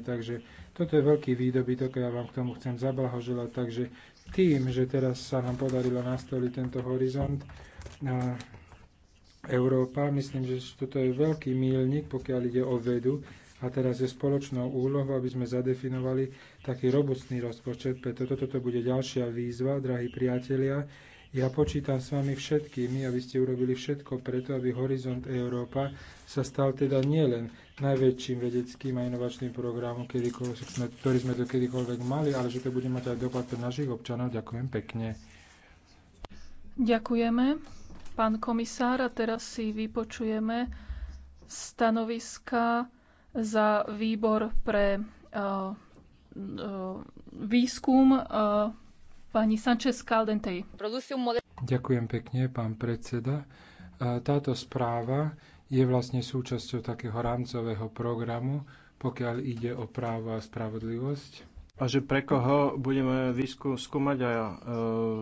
Takže toto je veľký výdobytok a ja vám k tomu chcem zablahoželať. Takže tým, že teraz sa nám podarilo nastoliť tento horizont na Európa, myslím, že toto je veľký mílnik, pokiaľ ide o vedu. A teraz je spoločnou úlohou, aby sme zadefinovali taký robustný rozpočet, preto toto bude ďalšia výzva, drahí priatelia, ja počítam s vami všetkými, aby ste urobili všetko preto, aby Horizont Európa sa stal teda nielen najväčším vedeckým a inovačným programom, ktorý sme to kedykoľvek mali, ale že to bude mať aj dopad pre našich občanov. Ďakujem pekne. Ďakujeme, pán komisár. A teraz si vypočujeme stanoviska za výbor pre uh, uh, výskum uh, Pani Sanchez Caldentej. Ďakujem pekne, pán predseda. E, táto správa je vlastne súčasťou takého rámcového programu, pokiaľ ide o právo a spravodlivosť a že pre koho budeme výskum skúmať a uh,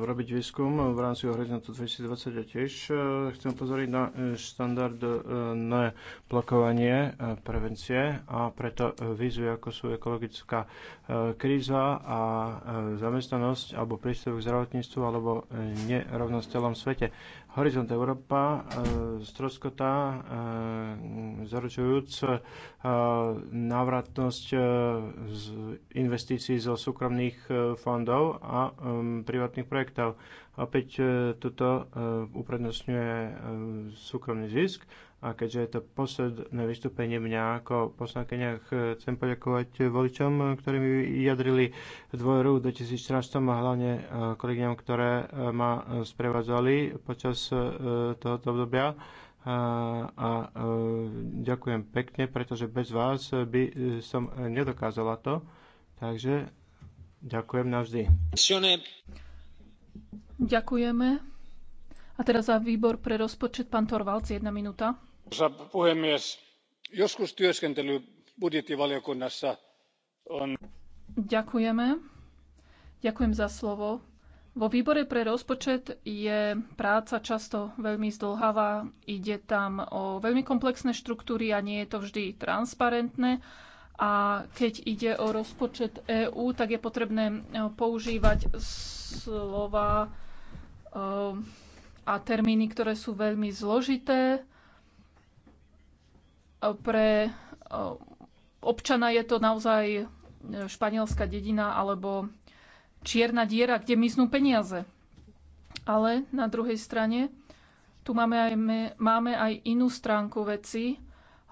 robiť výskum v rámci horizontu 2020 a tiež uh, chcem pozoriť na uh, štandardné blokovanie uh, prevencie a preto uh, výzvy ako sú ekologická uh, kríza a uh, zamestnanosť alebo prístup k zdravotníctvu alebo uh, nerovnosť v celom svete. Horizont Európa stroskotá e, e, zaručujúc e, návratnosť z investícií zo súkromných fondov a privátnych projektov. Opäť e, uprednostňuje súkromný zisk a keďže je to posledné vystúpenie mňa ako poslankyňa, chcem poďakovať voličom, ktorí mi vyjadrili dôveru v 2014 a hlavne e, kolegyňam, ktoré e, ma sprevádzali počas e, tohoto obdobia. A, a ďakujem pekne, pretože bez vás by som nedokázala to. Takže ďakujem navždy. Ďakujeme. A teraz za výbor pre rozpočet pán Torvalc, jedna minúta arvoisa puhemies joskus työskentely budjettivaliokunnassa on. Ďakujeme. Ďakujem za slovo. Vo výbore pre rozpočet je práca často veľmi zdlhavá, ide tam o veľmi komplexné štruktúry a nie je to vždy transparentné. A keď ide o rozpočet EÚ, tak je potrebné e, používať slova e, a termíny, ktoré sú veľmi zložité pre eh, občana je to naozaj eh, španielská dedina alebo čierna diera, kde miznú peniaze. Ale na druhej strane tu máme aj, máme aj inú stránku veci.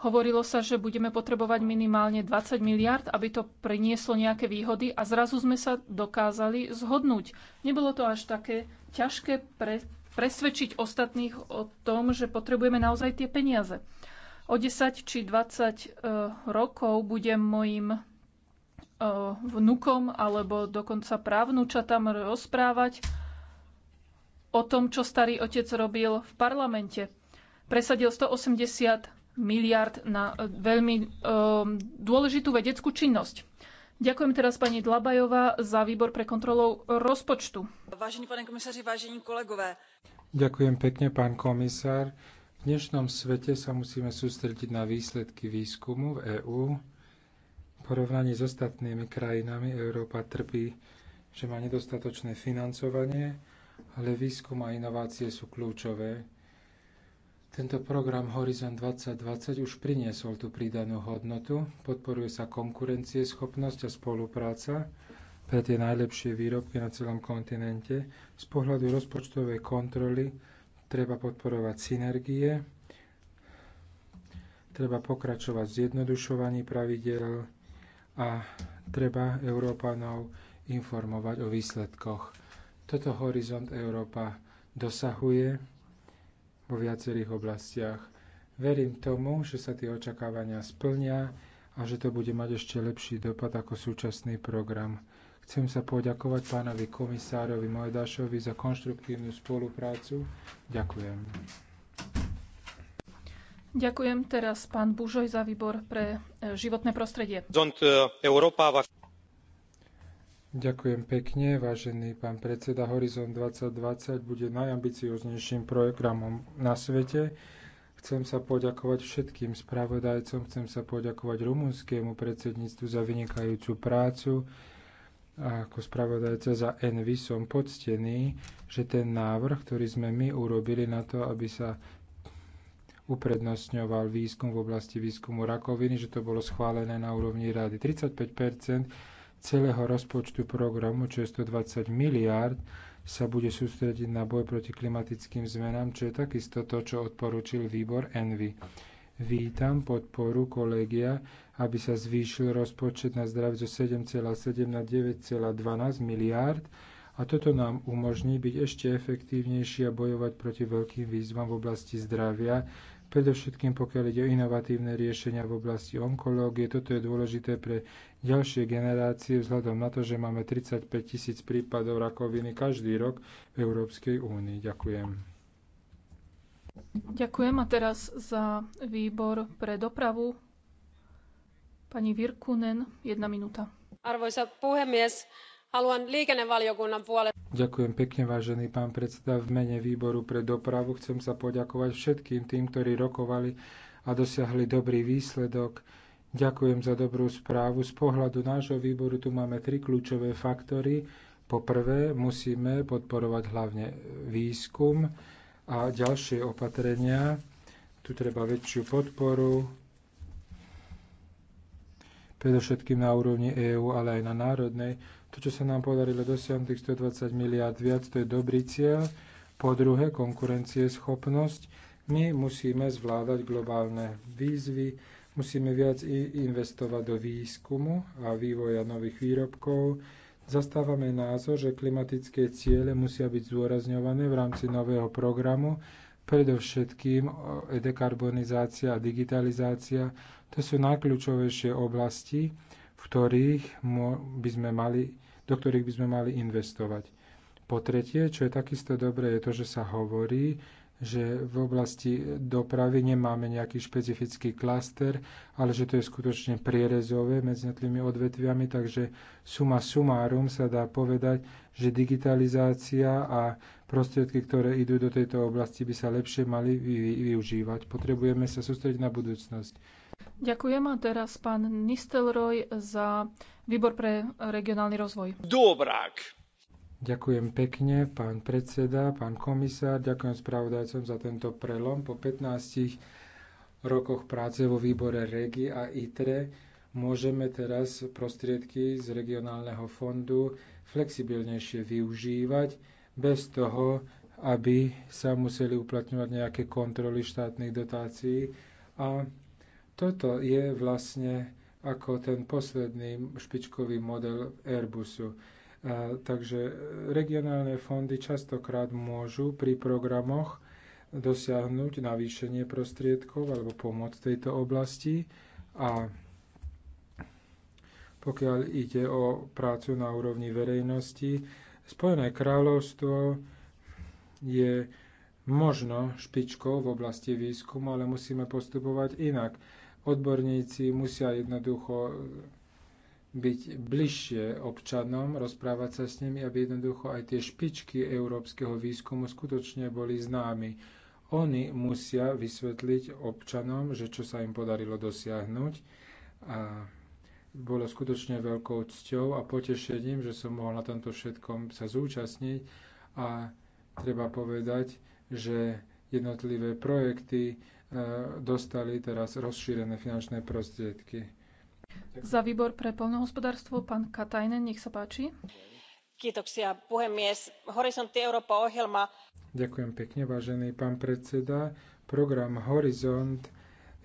Hovorilo sa, že budeme potrebovať minimálne 20 miliard, aby to prinieslo nejaké výhody a zrazu sme sa dokázali zhodnúť. Nebolo to až také ťažké pre, presvedčiť ostatných o tom, že potrebujeme naozaj tie peniaze. O 10 či 20 e, rokov budem mojim e, vnukom alebo dokonca právnučatám rozprávať o tom, čo starý otec robil v parlamente. Presadil 180 miliard na e, veľmi dôležitú vedeckú činnosť. Ďakujem teraz pani Dlabajová za výbor pre kontrolou rozpočtu. Vážení pane komisáři, vážení kolegové. Ďakujem pekne, pán komisár dnešnom svete sa musíme sústrediť na výsledky výskumu v EÚ. V porovnaní s ostatnými krajinami Európa trpí, že má nedostatočné financovanie, ale výskum a inovácie sú kľúčové. Tento program Horizon 2020 už priniesol tú pridanú hodnotu, podporuje sa konkurencieschopnosť a spolupráca pre tie najlepšie výrobky na celom kontinente. Z pohľadu rozpočtovej kontroly Treba podporovať synergie, treba pokračovať v zjednodušovaní pravidel a treba Európanov informovať o výsledkoch. Toto horizont Európa dosahuje vo viacerých oblastiach. Verím tomu, že sa tie očakávania splnia a že to bude mať ešte lepší dopad ako súčasný program. Chcem sa poďakovať pánovi komisárovi Mojdašovi za konštruktívnu spoluprácu. Ďakujem. Ďakujem teraz pán Bužoj za výbor pre e, životné prostredie. E, Ďakujem pekne, vážený pán predseda. Horizont 2020 bude najambicioznejším programom na svete. Chcem sa poďakovať všetkým spravodajcom, chcem sa poďakovať rumunskému predsedníctvu za vynikajúcu prácu a ako spravodajca za Envy som poctený, že ten návrh, ktorý sme my urobili na to, aby sa uprednostňoval výskum v oblasti výskumu rakoviny, že to bolo schválené na úrovni rady. 35 celého rozpočtu programu, čo je 120 miliárd, sa bude sústrediť na boj proti klimatickým zmenám, čo je takisto to, čo odporučil výbor Envy. Vítam podporu kolegia aby sa zvýšil rozpočet na zdravie zo 7,7 na 9,12 miliárd a toto nám umožní byť ešte efektívnejší a bojovať proti veľkým výzvam v oblasti zdravia, predovšetkým pokiaľ ide o inovatívne riešenia v oblasti onkológie. Toto je dôležité pre ďalšie generácie vzhľadom na to, že máme 35 tisíc prípadov rakoviny každý rok v Európskej únii. Ďakujem. Ďakujem a teraz za výbor pre dopravu Pani jedna minúta. Arvoisa puhemies, haluan liikennevaliokunnan puolesta. Ďakujem pekne, vážený pán predseda. V mene výboru pre dopravu chcem sa poďakovať všetkým tým, ktorí rokovali a dosiahli dobrý výsledok. Ďakujem za dobrú správu. Z pohľadu nášho výboru tu máme tri kľúčové faktory. Po prvé, musíme podporovať hlavne výskum a ďalšie opatrenia. Tu treba väčšiu podporu, predovšetkým na úrovni EÚ, ale aj na národnej. To, čo sa nám podarilo dosiahnuť, tých 120 miliard viac, to je dobrý cieľ. Po druhé, konkurencieschopnosť. My musíme zvládať globálne výzvy, musíme viac investovať do výskumu a vývoja nových výrobkov. Zastávame názor, že klimatické ciele musia byť zdôrazňované v rámci nového programu, predovšetkým e, dekarbonizácia a digitalizácia to sú najkľúčovejšie oblasti, v ktorých by sme mali, do ktorých by sme mali investovať. Po tretie, čo je takisto dobré, je to, že sa hovorí, že v oblasti dopravy nemáme nejaký špecifický klaster, ale že to je skutočne prierezové medzi tými odvetviami, takže suma sumárum sa dá povedať, že digitalizácia a prostriedky, ktoré idú do tejto oblasti, by sa lepšie mali využívať. Potrebujeme sa sústrediť na budúcnosť. Ďakujem a teraz pán Nistelroj za výbor pre regionálny rozvoj. Dobrák. Ďakujem pekne, pán predseda, pán komisár, ďakujem spravodajcom za tento prelom. Po 15 rokoch práce vo výbore REGI a ITRE môžeme teraz prostriedky z regionálneho fondu flexibilnejšie využívať bez toho, aby sa museli uplatňovať nejaké kontroly štátnych dotácií a toto je vlastne ako ten posledný špičkový model Airbusu. A, takže regionálne fondy častokrát môžu pri programoch dosiahnuť navýšenie prostriedkov alebo pomoc tejto oblasti a pokiaľ ide o prácu na úrovni verejnosti, Spojené kráľovstvo je možno špičkou v oblasti výskumu, ale musíme postupovať inak. Odborníci musia jednoducho byť bližšie občanom, rozprávať sa s nimi, aby jednoducho aj tie špičky európskeho výskumu skutočne boli známi. Oni musia vysvetliť občanom, že čo sa im podarilo dosiahnuť. A bolo skutočne veľkou cťou a potešením, že som mohol na tomto všetkom sa zúčastniť a treba povedať, že jednotlivé projekty E, dostali teraz rozšírené finančné prostriedky. Za výbor pre poľnohospodárstvo pán Katajnen, nech sa páči. puhemies. Európa ohjelma. Ďakujem pekne, vážený pán predseda. Program Horizont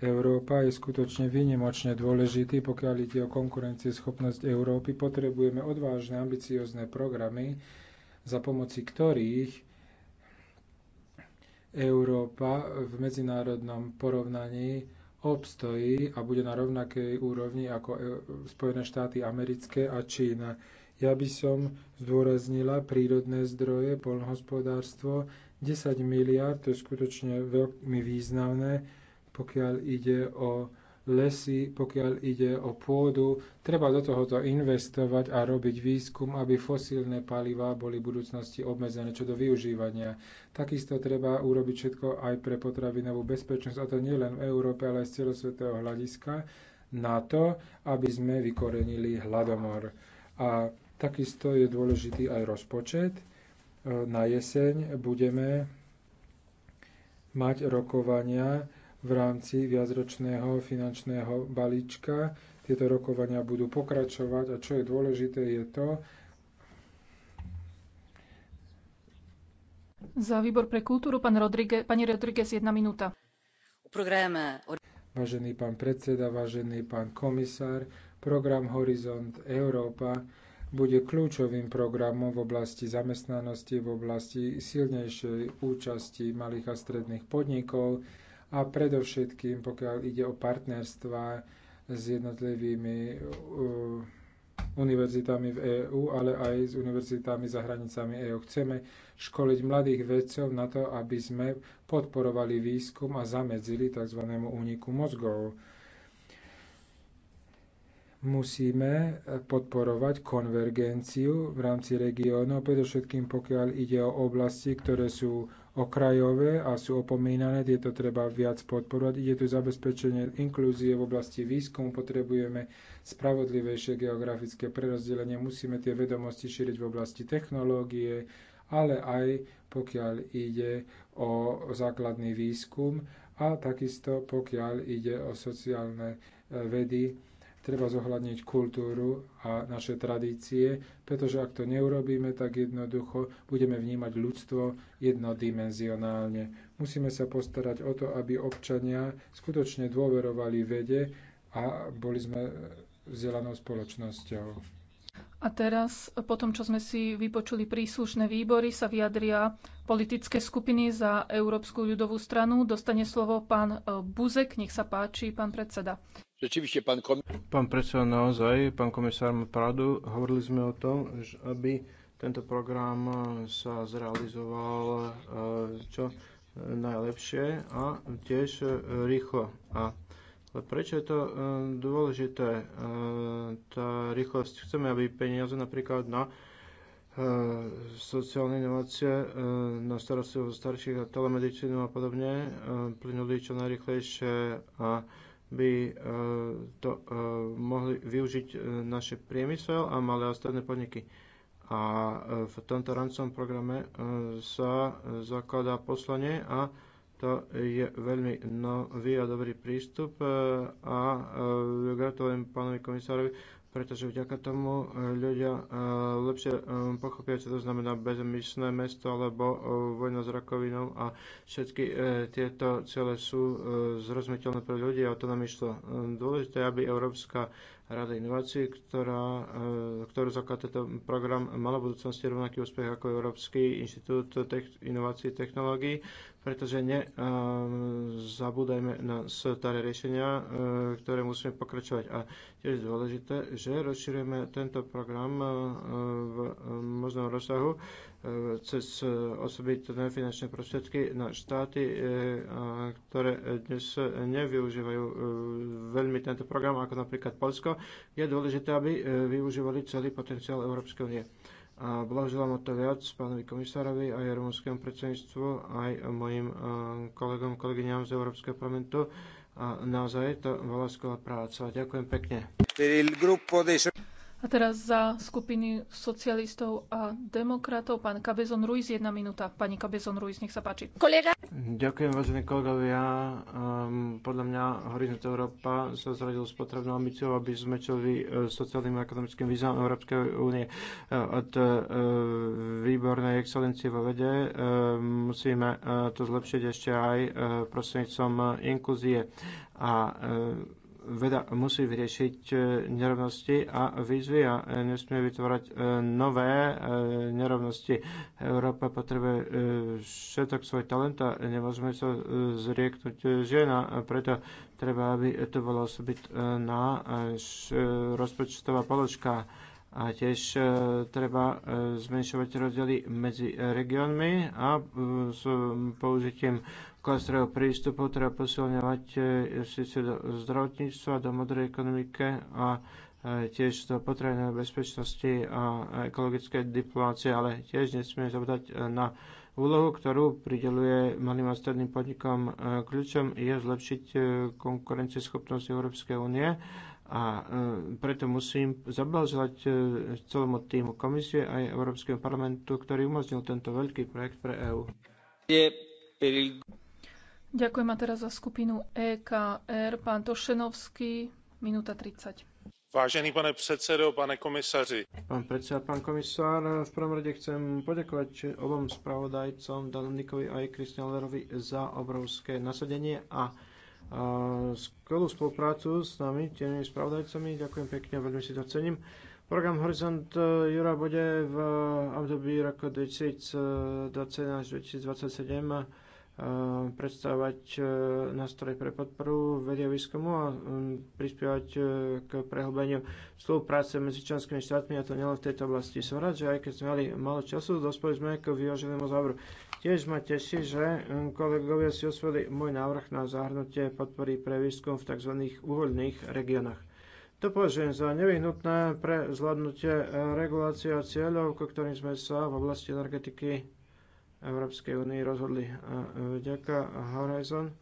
Európa je skutočne výnimočne dôležitý, pokiaľ ide o konkurencieschopnosť Európy. Potrebujeme odvážne, ambiciozne programy, za pomoci ktorých Európa v medzinárodnom porovnaní obstojí a bude na rovnakej úrovni ako e- Spojené štáty americké a Čína. Ja by som zdôraznila prírodné zdroje, poľnohospodárstvo. 10 miliard, to je skutočne veľmi významné, pokiaľ ide o lesy, pokiaľ ide o pôdu. Treba do tohoto investovať a robiť výskum, aby fosílne palivá boli v budúcnosti obmedzené čo do využívania. Takisto treba urobiť všetko aj pre potravinovú bezpečnosť, a to nielen v Európe, ale aj z celosvetového hľadiska, na to, aby sme vykorenili hladomor. A takisto je dôležitý aj rozpočet. Na jeseň budeme mať rokovania v rámci viacročného finančného balíčka. Tieto rokovania budú pokračovať a čo je dôležité je to, Za výbor pre kultúru, pán Rodríguez, pani Rodríguez, jedna minúta. Vážený pán predseda, vážený pán komisár, program Horizont Európa bude kľúčovým programom v oblasti zamestnanosti, v oblasti silnejšej účasti malých a stredných podnikov, a predovšetkým, pokiaľ ide o partnerstva s jednotlivými uh, univerzitami v EÚ, ale aj s univerzitami za hranicami EÚ. Chceme školiť mladých vedcov na to, aby sme podporovali výskum a zamedzili tzv. úniku mozgov musíme podporovať konvergenciu v rámci regiónov, predovšetkým pokiaľ ide o oblasti, ktoré sú okrajové a sú opomínané, tieto treba viac podporovať. Ide tu zabezpečenie inklúzie v oblasti výskumu, potrebujeme spravodlivejšie geografické prerozdelenie, musíme tie vedomosti šíriť v oblasti technológie, ale aj pokiaľ ide o základný výskum a takisto pokiaľ ide o sociálne eh, vedy Treba zohľadniť kultúru a naše tradície, pretože ak to neurobíme, tak jednoducho budeme vnímať ľudstvo jednodimenzionálne. Musíme sa postarať o to, aby občania skutočne dôverovali vede a boli sme vzdelanou spoločnosťou. A teraz, po tom, čo sme si vypočuli príslušné výbory, sa vyjadria politické skupiny za Európsku ľudovú stranu. Dostane slovo pán Buzek. Nech sa páči, pán predseda. Rzeczywiście pan komisarz. Pán predseda, naozaj, pán komisár ma pravdu. Hovorili sme o tom, že aby tento program sa zrealizoval e, čo najlepšie a tiež rýchlo. A prečo je to e, dôležité, e, tá rýchlosť? Chceme, aby peniaze napríklad na sociálne inovácie, na starostlivosť starších a telemedicínu a podobne plynuli čo najrychlejšie a by e, to e, mohli využiť e, naše priemysel a malé a stredné podniky. A v tomto rancom programe sa zakladá poslanie a to je veľmi nový a dobrý prístup a gratulujem pánovi komisárovi pretože vďaka tomu e, ľudia e, lepšie e, pochopia, čo to znamená bezmyšné mesto alebo vojna s rakovinou a všetky tieto ciele sú zrozumiteľné pre ľudí a to nám išlo. Dôležité, aby Európska Rada inovácií, ktorá, ktorú zaklada tento program, mala v budúcnosti rovnaký úspech ako Európsky inštitút inovácií inovácií technológií, pretože nezabúdajme na staré riešenia, e, ktoré musíme pokračovať. A tiež dôležité, že rozširujeme tento program e, v e, možnom rozsahu cez osobitné finančné prostriedky na štáty, ktoré dnes nevyužívajú veľmi tento program, ako napríklad Polsko. Je dôležité, aby využívali celý potenciál Európskej únie. A blahoželám o to viac pánovi komisárovi aj rumúnskému predsedníctvu, aj mojim e, kolegom, kolegyňám z Európskeho parlamentu. A naozaj je to bola skvelá práca. Ďakujem pekne. A teraz za skupiny socialistov a demokratov pán Kabezon Ruiz, jedna minúta. Pani Kabezon Ruiz, nech sa páči. Kolega. Ďakujem, vážení kolegovia. Um, podľa mňa Horizont Európa sa zradil s potrebnou ambíciou, aby sme čeli sociálnym a ekonomickým výzvam Európskej únie. E, od uh, výbornej excelencie vo vede uh, musíme uh, to zlepšiť ešte aj uh, prostredníctvom inkluzie. A uh, veda musí vyriešiť e, nerovnosti a výzvy a e, nesmie vytvárať e, nové nerovnosti. Európa potrebuje všetok svoj talent a nemôžeme sa zrieknúť žena, preto treba, aby to bola osobitná rozpočtová položka. A tiež treba zmenšovať rozdiely medzi regiónmi a s použitím klastrov prístupu treba posilňovať e, síce do zdravotníctva, do modrej ekonomike a e, tiež do potrebnej bezpečnosti a ekologické diplomácie, ale tiež nesmieme zabúdať e, na úlohu, ktorú prideluje malým a stredným podnikom. Kľúčom je zlepšiť konkurencieschopnosť Európskej únie a preto musím zablahoželať celému týmu komisie aj Európskeho parlamentu, ktorý umožnil tento veľký projekt pre EÚ. Ďakujem a teraz za skupinu EKR. Pán Tošenovský, minúta 30. Vážený pane predsedo, pane komisaři. Pán predseda, pán komisár, v prvom rade chcem poďakovať obom spravodajcom, a aj Kristianlerovi, za obrovské nasadenie a skvelú spoluprácu s nami, tými spravodajcami. Ďakujem pekne, veľmi si to cením. Program Horizont e, Jura bude v období roku 2021 e, až 2027 Eh, predstavovať eh, nástroje pre podporu vedia výskumu a mm, prispievať eh, k prehlbeniu spolupráce medzi členskými štátmi a to nielen v tejto oblasti. Som rád, že aj keď sme mali málo času, dospeli sme k vyváženému záveru. Tiež ma teší, že mm, kolegovia si osvojili môj návrh na zahrnutie podpory pre výskum v tzv. uvoľných regiónoch. To považujem za nevyhnutné pre zvládnutie regulácie a cieľov, ku ktorým sme sa v oblasti energetiky Európskej únii rozhodli. Vďaka Horizon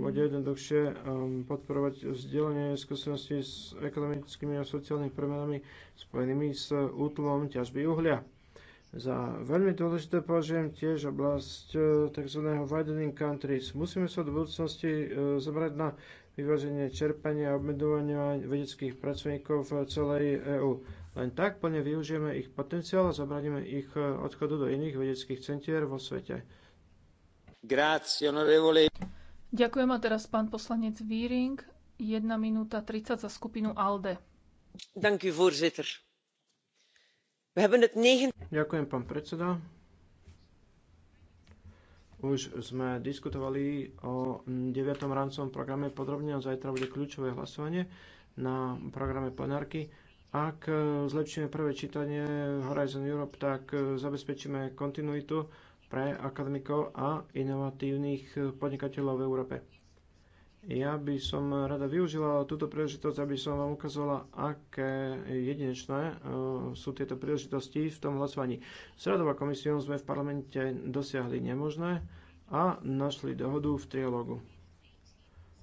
bude jednoduchšie podporovať vzdielanie skúseností s ekonomickými a sociálnymi premenami spojenými s útlom ťažby uhlia. Za veľmi dôležité považujem tiež oblasť e, tzv. widening countries. Musíme sa do budúcnosti e, zabrať na vyváženie čerpania a obmedovania vedeckých pracovníkov v celej EÚ len tak plne využijeme ich potenciál a zabraníme ich eh, odchodu do iných vedeckých centier vo svete. Grazie, onorevole. Ďakujem a teraz pán poslanec Víring, 1 minúta 30 za skupinu ALDE. Dank u, voorzitter. We hebben het negen... Ďakujem, pán predseda. Už sme diskutovali o 9. rámcovom programe podrobne a zajtra bude kľúčové hlasovanie na programe plenárky ak e, zlepšíme prvé čítanie Horizon Europe, tak e, zabezpečíme kontinuitu pre akademikov a inovatívnych e, podnikateľov v Európe. Ja by som rada využila túto príležitosť, aby som vám ukázala, aké jedinečné sú tieto príležitosti v tom hlasovaní. S radová komisiou sme v parlamente dosiahli nemožné a našli dohodu v trialógu.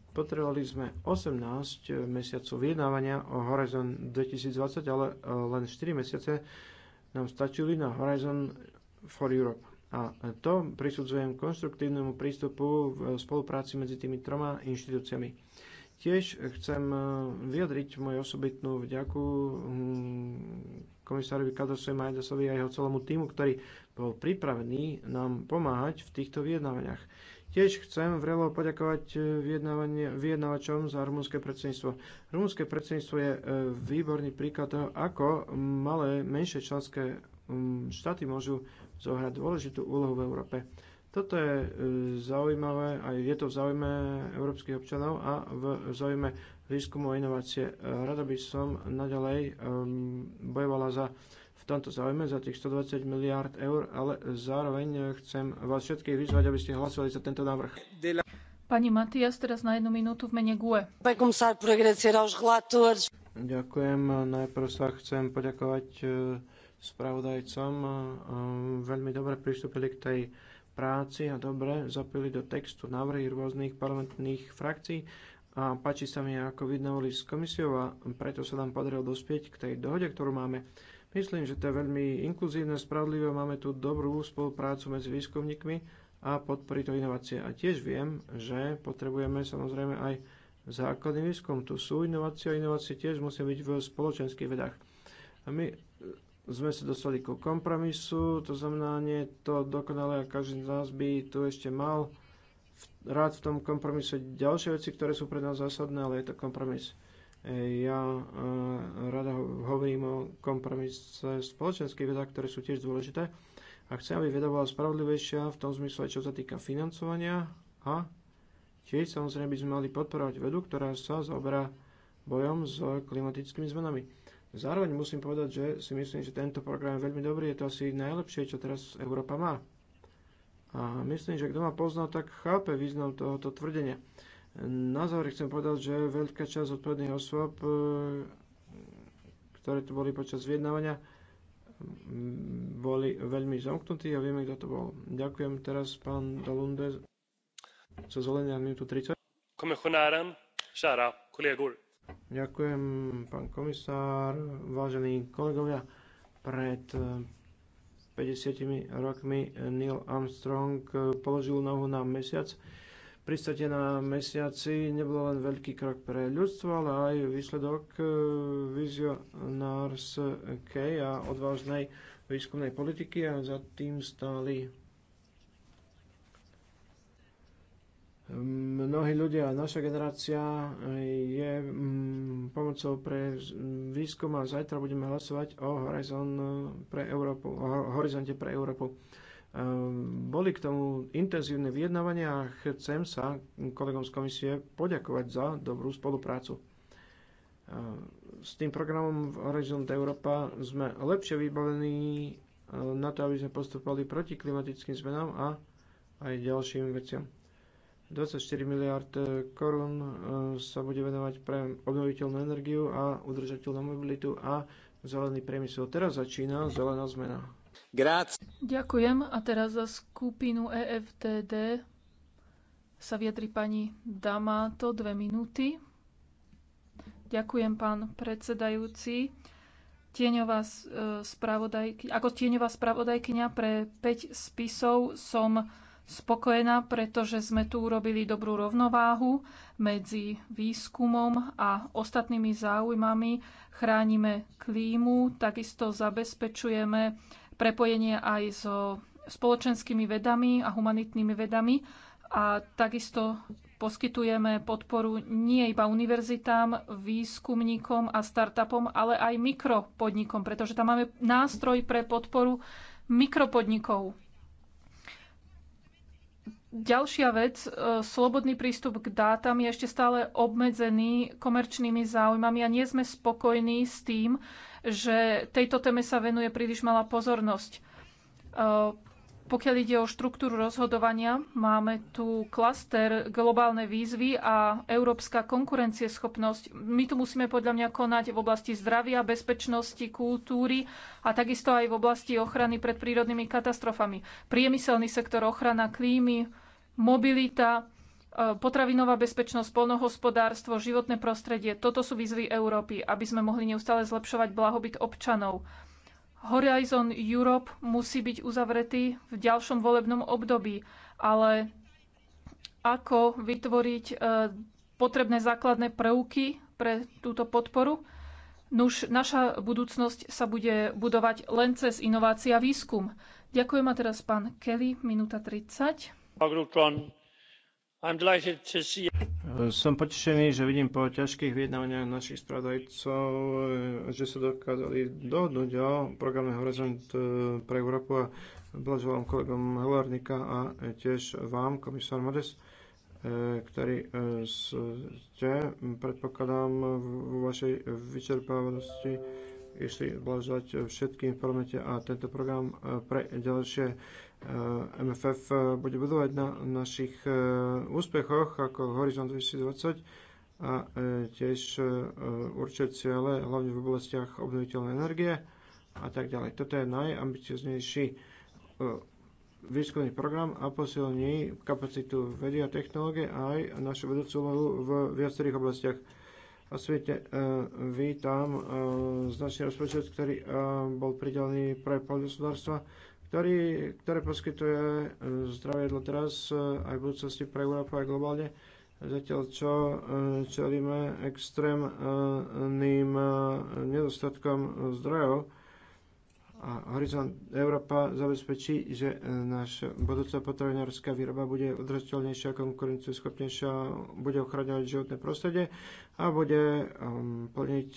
Potrebovali sme 18 mesiacov vyjednávania o Horizon 2020, ale e, len 4 mesiace nám stačili na Horizon for Europe. A to prisudzujem konstruktívnemu prístupu v spolupráci medzi tými troma inštitúciami. Tiež chcem e, vyjadriť moju osobitnú vďaku hm, komisárovi Kadosovi Majdasovi a jeho celému týmu, ktorý bol pripravený nám pomáhať v týchto vyjednávaniach. Tiež chcem vrelo poďakovať e, vyjednávačom za rumúnske predsedníctvo. Rumúnske predsedníctvo je e, výborný príklad toho, ako malé, menšie členské štáty môžu zohrať dôležitú úlohu v Európe. Toto je e, zaujímavé, aj je to v záujme európskych občanov a v záujme výskumu a inovácie. Rada by som naďalej bojovala za tomto záujme za tých 120 miliárd eur, ale zároveň chcem vás všetkých vyzvať, aby ste hlasovali za tento návrh. Pani Matias, teraz na jednu minútu v mene GUE. Ďakujem. Najprv sa chcem poďakovať e, spravodajcom. E, e, veľmi dobre pristúpili k tej práci a dobre zapili do textu návrhy rôznych parlamentných frakcií a páči sa mi, ako vyjednávali s komisiou a preto sa nám podarilo dospieť k tej dohode, ktorú máme. Myslím, že to je veľmi inkluzívne, spravodlivé. Máme tu dobrú spoluprácu medzi výskumníkmi a podporiť to inovácie. A tiež viem, že potrebujeme samozrejme aj základný výskum. Tu sú inovácie a inovácie tiež musia byť v spoločenských vedách. A my eh, sme sa dostali ku kompromisu, to znamená, nie to dokonale a každý z nás by tu ešte mal v, rád v tom kompromise ďalšie veci, ktoré sú pre nás zásadné, ale je to kompromis. Ja e, rada hovorím o kompromise spoločenských vedách, ktoré sú tiež dôležité. A chcem, aby veda bola spravodlivejšia v tom zmysle, čo sa týka financovania a tiež samozrejme by sme mali podporovať vedu, ktorá sa zaoberá bojom s klimatickými zmenami. Zároveň musím povedať, že si myslím, že tento program je veľmi dobrý, je to asi najlepšie, čo teraz Európa má. A myslím, že kto ma pozná, tak chápe význam tohoto tvrdenia. Na záver chcem povedať, že veľká časť odpovedných osôb, e, ktoré tu boli počas vyjednávania, boli veľmi zamknutí a vieme, kto to bol. Ďakujem teraz pán Dalunde zo Zelenia minútu 30. Komisionáren, šára, kolegor. Ďakujem, pán komisár, vážení kolegovia. Pred 50 e, rokmi Neil Armstrong e, položil nohu na mesiac pristate na mesiaci nebolo len veľký krok pre ľudstvo, ale aj výsledok e, vizionárskej a odvážnej výskumnej politiky a za tým stáli mnohí ľudia, naša generácia je mm, pomocou pre výskum a zajtra budeme hlasovať o pre Európu, o horizonte pre Európu Ehm, boli k tomu intenzívne vyjednávania a chcem sa kolegom z komisie poďakovať za dobrú spoluprácu. Ehm, s tým programom Horizont Európa sme lepšie vybavení ehm, na to, aby sme postupovali proti klimatickým zmenám a aj ďalším veciam. 24 miliard e, korún e, sa bude venovať pre obnoviteľnú energiu a udržateľnú mobilitu a zelený priemysel. Teraz začína zelená zmena. Ďakujem a teraz za skupinu EFTD sa vyjadri pani Damáto dve minúty. Ďakujem, pán predsedajúci. Tieňová e, spravodajky, ako tieňová spravodajkyňa pre 5 spisov som spokojená, pretože sme tu urobili dobrú rovnováhu medzi výskumom a ostatnými záujmami. Chránime klímu, takisto zabezpečujeme prepojenie aj so spoločenskými vedami a humanitnými vedami a takisto poskytujeme podporu nie iba univerzitám, výskumníkom a startupom, ale aj mikropodnikom, pretože tam máme nástroj pre podporu mikropodnikov. Ďalšia vec, e, slobodný prístup k dátam je ešte stále obmedzený komerčnými záujmami a nie sme spokojní s tým, že tejto téme sa venuje príliš malá pozornosť. E, pokiaľ ide o štruktúru rozhodovania, máme tu klaster globálne výzvy a európska konkurencieschopnosť. My tu musíme podľa mňa konať v oblasti zdravia, bezpečnosti, kultúry a takisto aj v oblasti ochrany pred prírodnými katastrofami. Priemyselný sektor, ochrana klímy, mobilita, E, potravinová bezpečnosť, polnohospodárstvo, životné prostredie. Toto sú výzvy Európy, aby sme mohli neustále zlepšovať blahobyt občanov. Horizon Europe musí byť uzavretý v ďalšom volebnom období, ale ako vytvoriť e, potrebné základné prvky pre túto podporu? Nuž, naša budúcnosť sa bude budovať len cez inovácia a výskum. Ďakujem a teraz pán Kelly, minúta 30. Som potešený, že vidím po ťažkých vyjednávaniach našich spravodajcov, že sa dokázali dohodnúť o programe Horizont eh, pre Európu a blaželám kolegom Helárnika a tiež vám, komisár Modes, eh, ktorý eh, ste, predpokladám, vo vašej vyčerpávanosti išli blažovať všetkým v parlamente a tento program pre ďalšie E, MFF e, bude budovať na našich e, úspechoch ako Horizon 2020 a tiež určiť ciele hlavne v oblastiach obnoviteľnej energie a tak ďalej. Toto je najambicioznejší výskumný program a posilní kapacitu vedy a technológie a aj našu vedúcu úlohu v viacerých oblastiach a svete. Vítam značný rozpočet, ktorý bol pridelený pre poľnohospodárstva ktorý, ktoré poskytuje e, jedlo teraz e, aj v budúcnosti pre Európu aj globálne. Zatiaľ čo e, čelíme extrémnym nedostatkom zdrojov, a Horizont Európa zabezpečí, že naša budúca potravinárska výroba bude udržateľnejšia, konkurencieschopnejšia, bude ochraňovať životné prostredie a bude plniť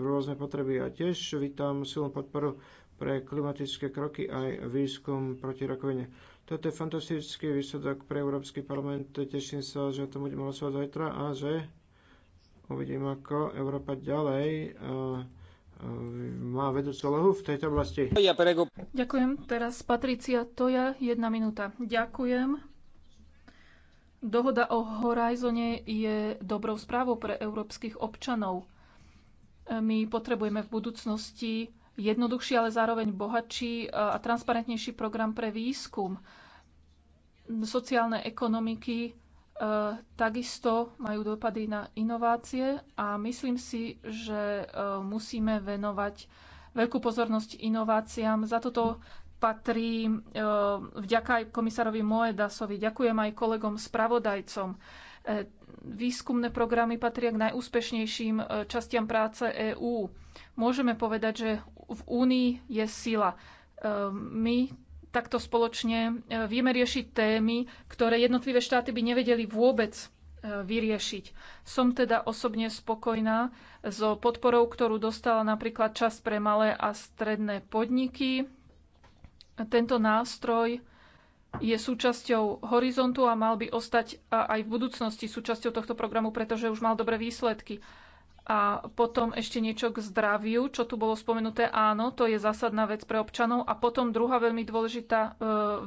rôzne potreby. A tiež vítam silnú podporu pre klimatické kroky aj výskum proti rakovine. Toto je fantastický výsledok pre Európsky parlament. Teším sa, že o tom budeme hlasovať zajtra a že uvidím, ako Európa ďalej eh, má vedúcu lohu v tejto oblasti. Ďakujem. Teraz Patricia Toja, jedna minúta. Ďakujem. Dohoda o Horizone je dobrou správou pre európskych občanov. My potrebujeme v budúcnosti jednoduchší, ale zároveň bohatší e, a transparentnejší program pre výskum. Sociálne ekonomiky e, takisto majú dopady na inovácie a myslím si, že e, musíme venovať veľkú pozornosť inováciám. Za toto patrí vďaka aj komisárovi Moedasovi. Ďakujem aj kolegom spravodajcom. Výskumné programy patria k najúspešnejším častiam práce EÚ. Môžeme povedať, že v Únii je sila. Ehm, my takto spoločne e, vieme riešiť témy, ktoré jednotlivé štáty by nevedeli vôbec e, vyriešiť. Som teda osobne spokojná so podporou, ktorú dostala napríklad čas pre malé a stredné podniky. Tento nástroj je súčasťou Horizontu a mal by ostať aj v budúcnosti súčasťou tohto programu, pretože už mal dobré výsledky. A potom ešte niečo k zdraviu, čo tu bolo spomenuté. Áno, to je zásadná vec pre občanov. A potom druhá veľmi dôležitá e,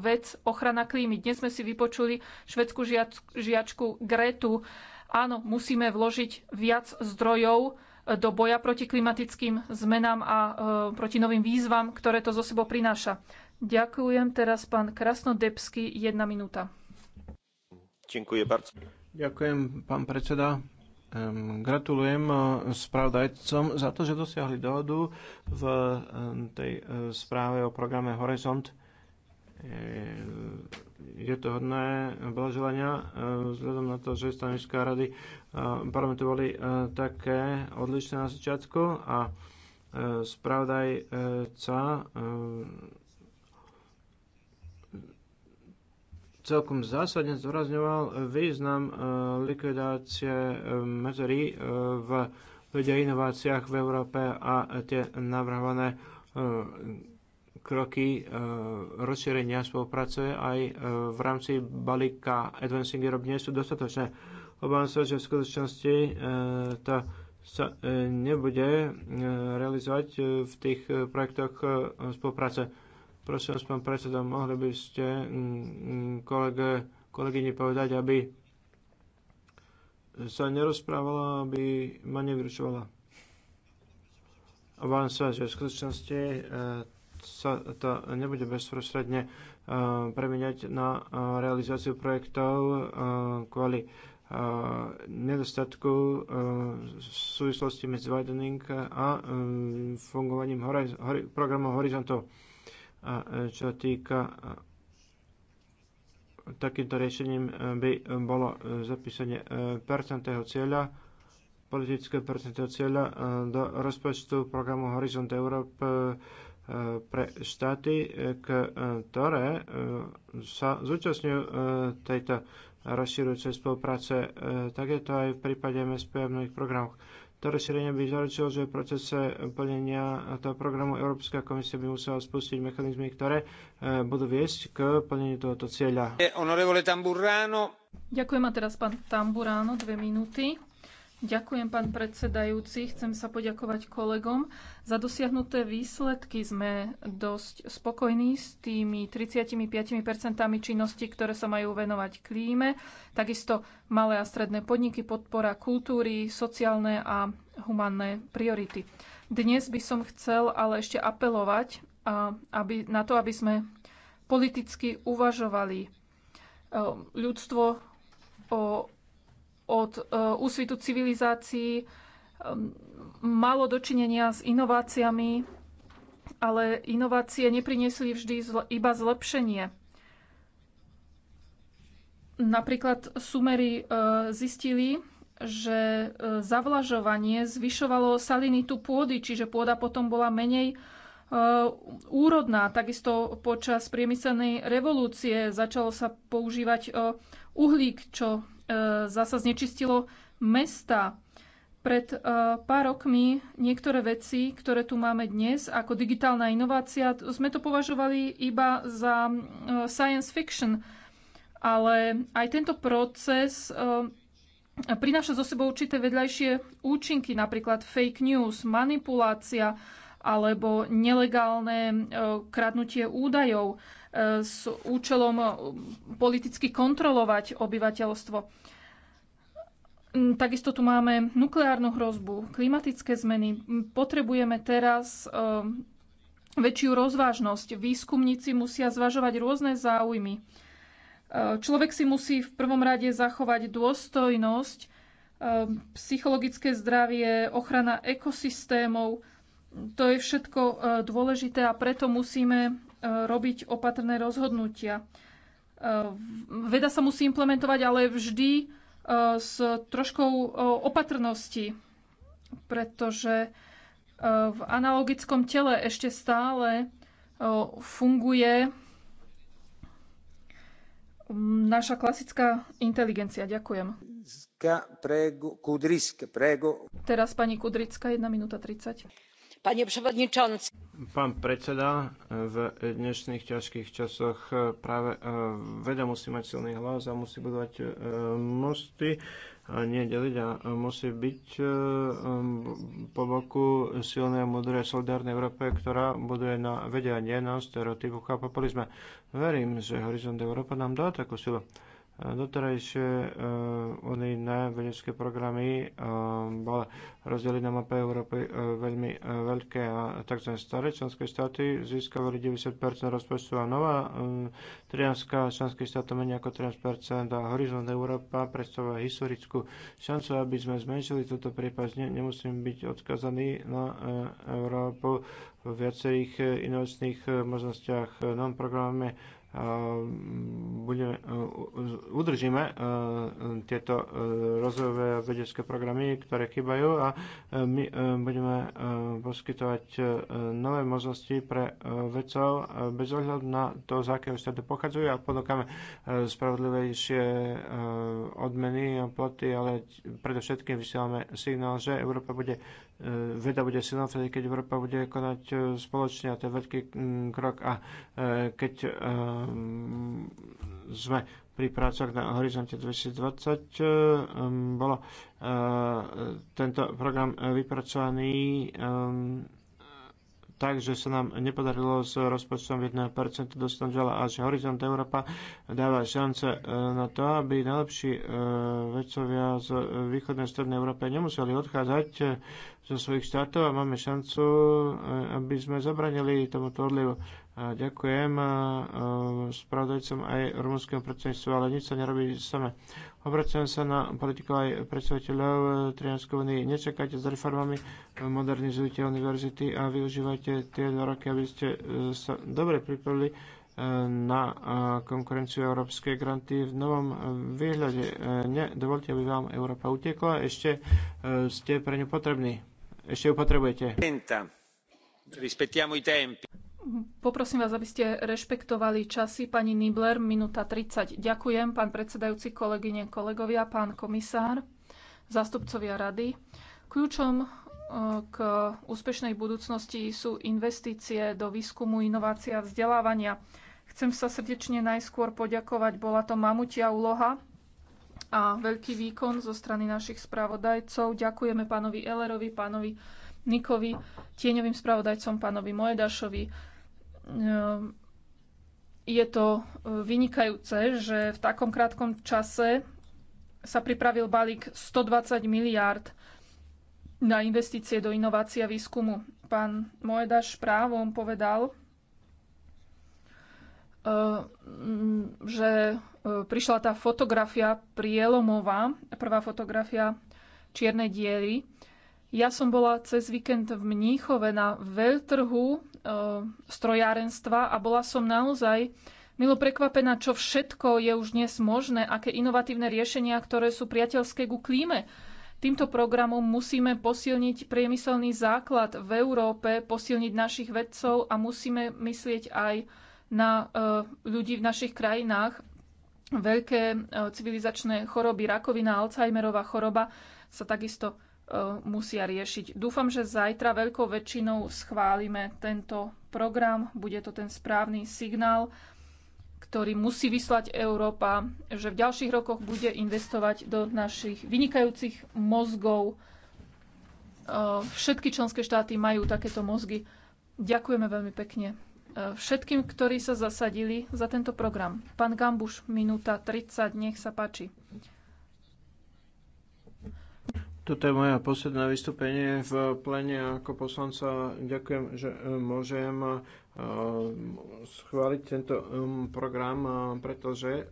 vec, ochrana klímy. Dnes sme si vypočuli švedskú žiačku Gretu. Áno, musíme vložiť viac zdrojov e, do boja proti klimatickým zmenám a e, proti novým výzvam, ktoré to zo sebou prináša. Ďakujem teraz pán Krasnodebský, jedna minúta. Ďakujem, pán predseda. Gratulujem eh, spravdajcom za to, že dosiahli dohodu v tej eh, správe o programe Horizont eh, je to hodné blažovania vzhľadom na to, že stanoviská rady parlamentu boli také odlišné na začiatku a spravodajca celkom zásadne zdôrazňoval význam e, likvidácie e, medzery e, v vede inováciách v Európe a tie navrhované kroky rozšírenia spolupráce aj v rámci balíka Advancing Europe nie sú dostatočné. Obávam sa, že v skutočnosti to sa nebude realizovať v tých projektoch spolupráce Prosím vás, pán predseda, mohli by ste mm, mm, kolege, kolegyni povedať, aby sa nerozprávala, aby ma nevyrušovala. Obávam sa, že v skutočnosti e, sa to nebude bezprostredne e, premeniať na e, realizáciu projektov kvôli nedostatku súvislosti medzi widening a fungovaním programov horizontov a e, čo týka e, takýmto riešením e, by bolo zapísanie percentého cieľa, politického percentého cieľa do rozpočtu programu Horizont Europe pre štáty, ktoré sa zúčastňujú tejto rozširujúcej spolupráce. Tak je to aj v prípade MSP a mnohých programoch. To rozšírenie by zaručilo, že v procese plnenia toho programu Európska komisia by musela spustiť mechanizmy, ktoré e, budú viesť k plneniu tohoto cieľa. Ďakujem a teraz pán Tamburáno, dve minúty. Ďakujem, pán predsedajúci. Chcem sa poďakovať kolegom. Za dosiahnuté výsledky sme dosť spokojní s tými 35 činností, ktoré sa majú venovať klíme. Takisto malé a stredné podniky, podpora kultúry, sociálne a humanné priority. Dnes by som chcel ale ešte apelovať aby, na to, aby sme politicky uvažovali. Ehm, ľudstvo o od e, úsvitu civilizácií e, malo dočinenia s inováciami, ale inovácie nepriniesli vždy iba zlepšenie. Napríklad sumery e, zistili, že zavlažovanie zvyšovalo salinitu pôdy, čiže pôda potom bola menej úrodná. Takisto počas priemyselnej revolúcie začalo sa používať uhlík, čo E, zasa znečistilo mesta. Pred e, pár rokmi niektoré veci, ktoré tu máme dnes, ako digitálna inovácia, sme to považovali iba za e, science fiction. Ale aj tento proces prináša zo sebou určité vedľajšie účinky, napríklad fake news, manipulácia alebo nelegálne kradnutie údajov s účelom e, politicky kontrolovať obyvateľstvo. Takisto tu máme nukleárnu hrozbu, klimatické zmeny. Potrebujeme teraz e, väčšiu rozvážnosť. Výskumníci musia zvažovať rôzne záujmy. E, človek si musí v prvom rade zachovať dôstojnosť, psychologické zdravie, ochrana ekosystémov. To je všetko dôležité a preto musíme robiť opatrné rozhodnutia. E, veda sa musí implementovať, ale vždy e, s troškou e, opatrnosti, pretože v analogickom tele ešte stále funguje naša klasická inteligencia. Ďakujem. Teraz pani Kudrická, 1 minúta 30. Panie przewodniczący. Pán predseda, v dnešných ťažkých časoch e, práve e, veda musí mať silný hlas a musí budovať e, mosty a nie deliť a musí byť po boku silnej, mudrej, solidárnej Európe, ktorá buduje na vede a nie na stereotypoch a populizme. Verím, že Horizont Európa nám dá takú silu doterajšie eh, iné vedecké programy eh, boli rozdiely na mape Európy eh, veľmi veľké a tzv. staré členské štáty získavali 90% rozpočtu a nová trianská členské štátov menej ako 13% a Horizont Európa predstavuje historickú šancu, aby sme zmenšili túto Ne, nemusím byť odkazaní na Európu v viacerých inovačných možnostiach. V novom programe Mm, budeme, udržíme e, tieto e, rozvojové a vedecké programy, ktoré chýbajú a e, my budeme poskytovať nové možnosti pre vedcov bez ohľadu na to, z akého štátu pochádzajú a ponúkame spravodlivejšie odmeny a platy, ale predovšetkým vysielame signál, že Európa bude E, veda bude silná vtedy, keď Európa bude konať e, spoločne a to je veľký mm, krok a e, keď sme pri prácach na Horizonte 2020 bolo tento program vypracovaný tak, že sa nám nepodarilo s rozpočtom 1% dostať veľa a že Horizont Európa dáva šance e, na to, aby najlepší e, vedcovia z východnej a strednej Európy nemuseli odchádzať e, zo svojich štátov a máme šancu, aby sme zabranili tomuto odlivu. Ďakujem spravodajcom aj rumúnskému predsedníctvu, ale nič sa nerobí same. Obracujem sa na politikov aj predstaviteľov e, Trianskej únie. Nečakajte s reformami, e, modernizujte univerzity a využívajte tie dva roky, aby ste e, sa dobre pripravili na konkurenciu európskej granty v novom výhľade. Ne, dovolte, aby vám Európa utekla, ešte ste pre ňu potrební. Ešte ju potrebujete. Rispettiamo i tempi. Poprosím vás, aby ste rešpektovali časy. Pani Nibler, minúta 30. Ďakujem, pán predsedajúci, kolegyne, kolegovia, pán komisár, zastupcovia rady. Kľúčom e, k úspešnej budúcnosti sú investície do výskumu, inovácia a vzdelávania. Chcem sa srdečne najskôr poďakovať. Bola to mamutia úloha a veľký výkon zo strany našich spravodajcov. Ďakujeme pánovi Ellerovi, pánovi Nikovi, tieňovým spravodajcom, pánovi Mojedašovi, Ehm, je to eh, vynikajúce, že v takom krátkom čase sa pripravil balík 120 miliárd na investície do inovácia a výskumu. Pán Moedaš právom povedal, ehm, že eh, prišla tá fotografia prielomová, prvá fotografia čiernej diery. Ja som bola cez víkend v Mníchove na veľtrhu E, strojárenstva a bola som naozaj milo prekvapená, čo všetko je už dnes možné, aké inovatívne riešenia, ktoré sú priateľské ku klíme. Týmto programom musíme posilniť priemyselný základ v Európe, posilniť našich vedcov a musíme myslieť aj na e, ľudí v našich krajinách. Veľké e, civilizačné choroby, rakovina, Alzheimerová choroba sa takisto E, musia riešiť. Dúfam, že zajtra veľkou väčšinou schválime tento program. Bude to ten správny signál, ktorý musí vyslať Európa, že v ďalších rokoch bude investovať do našich vynikajúcich mozgov. E, všetky členské štáty majú takéto mozgy. Ďakujeme veľmi pekne e, všetkým, ktorí sa zasadili za tento program. Pán Gambuš, minúta 30, nech sa páči. Toto je moje posledné vystúpenie v plene ako poslanca. Ďakujem, že e, môžem e, schváliť tento e, program, pretože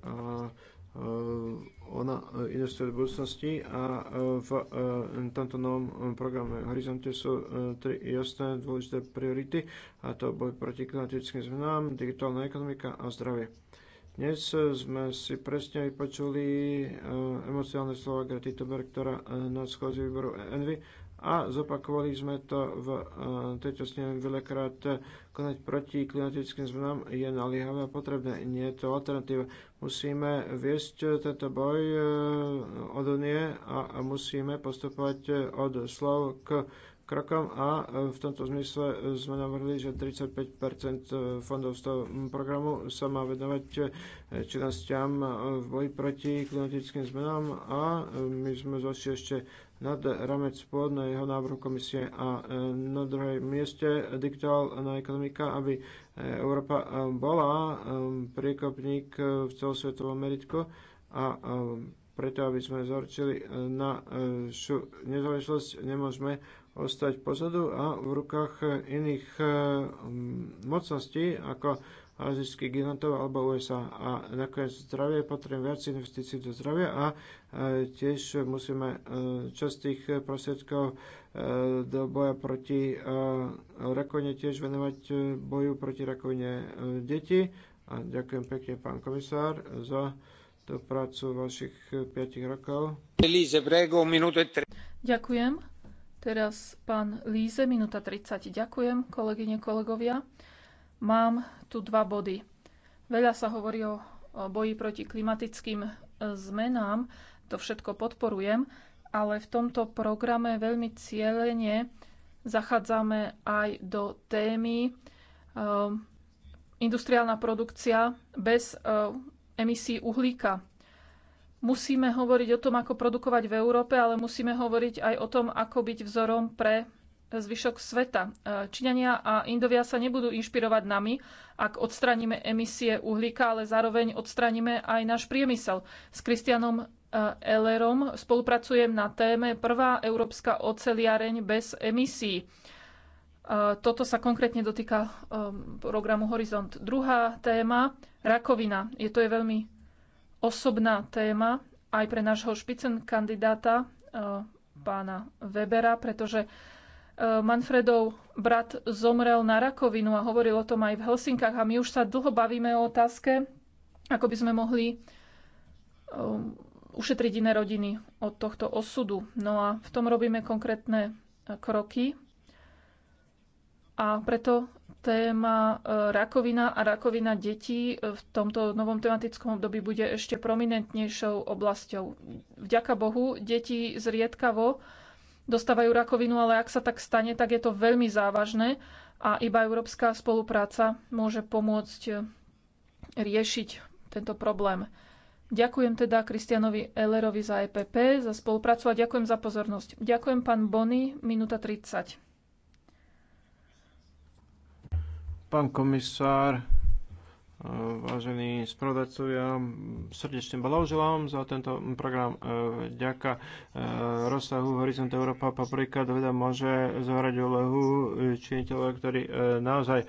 ona investuje do budúcnosti a v tomto novom programe Horizonte sú tri jasné dôležité priority a to boj proti klimatickým zmenám, digitálna ekonomika a zdravie. Dnes eh, sme si presne vypočuli emocionálne eh, slova Grety Thunberg, ktorá eh, na schôdzi výboru Envy a zopakovali sme to v tejto sneme veľakrát. Konať proti klimatickým zmenám je naliehavé a potrebné. Nie je to alternatíva. Musíme viesť tento boj od Unie a musíme postupovať od slov k krokom a e, v tomto zmysle e, sme navrhli, že 35 e, fondov z toho programu sa má venovať činnostiam v boji proti klimatickým zmenám a my sme zošli ešte nad ramec pôvodného návrhu komisie a na druhej mieste digitálna ekonomika, aby Európa bola priekopník v celosvetovom meritku a preto, aby sme zhorčili na nezávislosť, nemôžeme ostať pozadu a v rukách iných eh, mocností ako azijských gigantov alebo USA. A nakoniec zdravie, potrebujeme viac investícií do zdravia a eh, tiež musíme eh, časť tých prostriedkov do boja proti rakovine tiež venovať boju proti rakovine detí. A ďakujem pekne, pán komisár, za tú prácu vašich 5 rokov. prego, e Ďakujem. Teraz pán Líze, minúta 30. Ďakujem, kolegyne, kolegovia. Mám tu dva body. Veľa sa hovorí o boji proti klimatickým e, zmenám, to všetko podporujem, ale v tomto programe veľmi cieľene zachádzame aj do témy e, industriálna produkcia bez e, emisí uhlíka. Musíme hovoriť o tom, ako produkovať v Európe, ale musíme hovoriť aj o tom, ako byť vzorom pre zvyšok sveta. E, Číňania a Indovia sa nebudú inšpirovať nami, ak odstraníme emisie uhlíka, ale zároveň odstraníme aj náš priemysel. S Kristianom e, Ellerom spolupracujem na téme Prvá európska oceliareň bez emisí. E, toto sa konkrétne dotýka programu Horizont. Druhá téma, rakovina. Je to je veľmi osobná téma aj pre nášho špicen kandidáta eh, pána Webera, pretože eh, Manfredov brat zomrel na rakovinu a hovoril o tom aj v Helsinkách a my už sa dlho bavíme o otázke, ako by sme mohli eh, ušetriť iné rodiny od tohto osudu. No a v tom robíme konkrétne kroky. A preto téma e, rakovina a rakovina detí e, v tomto novom tematickom období bude ešte prominentnejšou oblasťou. Vďaka Bohu, deti zriedkavo dostávajú rakovinu, ale ak sa tak stane, tak je to veľmi závažné a iba európska spolupráca môže pomôcť e, riešiť tento problém. Ďakujem teda Kristianovi Ellerovi za EPP, za spoluprácu a ďakujem za pozornosť. Ďakujem pán Bony, minúta 30. Pán komisár, e, vážení spravodajcovia, srdečne blahoželám za tento program. E, Ďaká e, rozsahu Horizont Európa paprika veda môže zohrať úlohu činiteľa, ktorý naozaj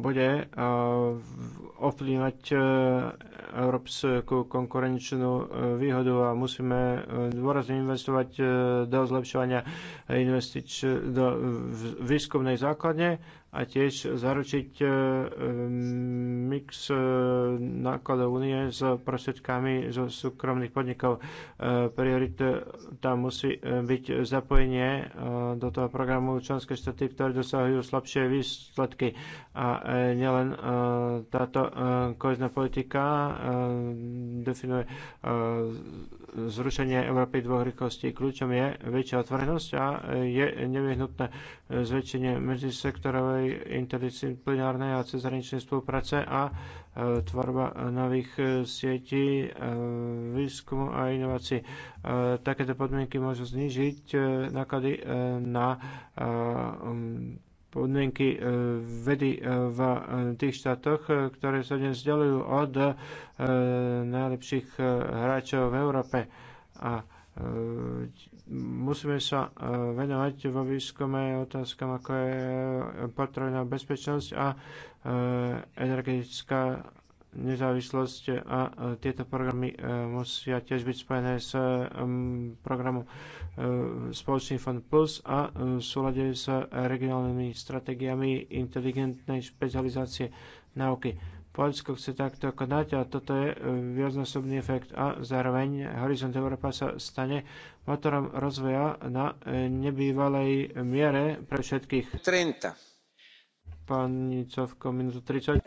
bude ovplyvňovať európsku konkurenčnú výhodu a musíme dôrazne investovať do zlepšovania investič do výskumnej základne a tiež zaručiť e, e, mix e, nákladov únie s prostriedkami zo súkromných podnikov. Priorita tam musí byť zapojenie do toho programu členské štáty, ktoré dosahujú slabšie výsledky. A nielen táto kohezná politika definuje zrušenie Európy dvoch rýchlostí. Kľúčom je väčšia otvorenosť a je nevyhnutné zväčšenie medzisektorovej, interdisciplinárnej a cezhraničnej spolupráce a e, tvorba nových e, sietí e, výskumu a inovácií. Takéto podmienky môžu znížiť náklady na um, podmienky e, vedy e, v e, tých štátoch, ktoré sa dnes vzdialujú od najlepších hráčov v Európe. A musíme sa venovať vo výskume otázkam, ako je potrebná bezpečnosť a energetická nezávislosť a tieto programy e, musia tiež byť spojené s programom e, Spoločný fond Plus a e, v súlade s regionálnymi stratégiami inteligentnej špecializácie náuky. Poľsko chce takto konať a toto je viacnásobný efekt a zároveň Horizont Európa sa stane motorom rozvoja na nebývalej miere pre všetkých. 30. Pani Časko, minútu 30. E,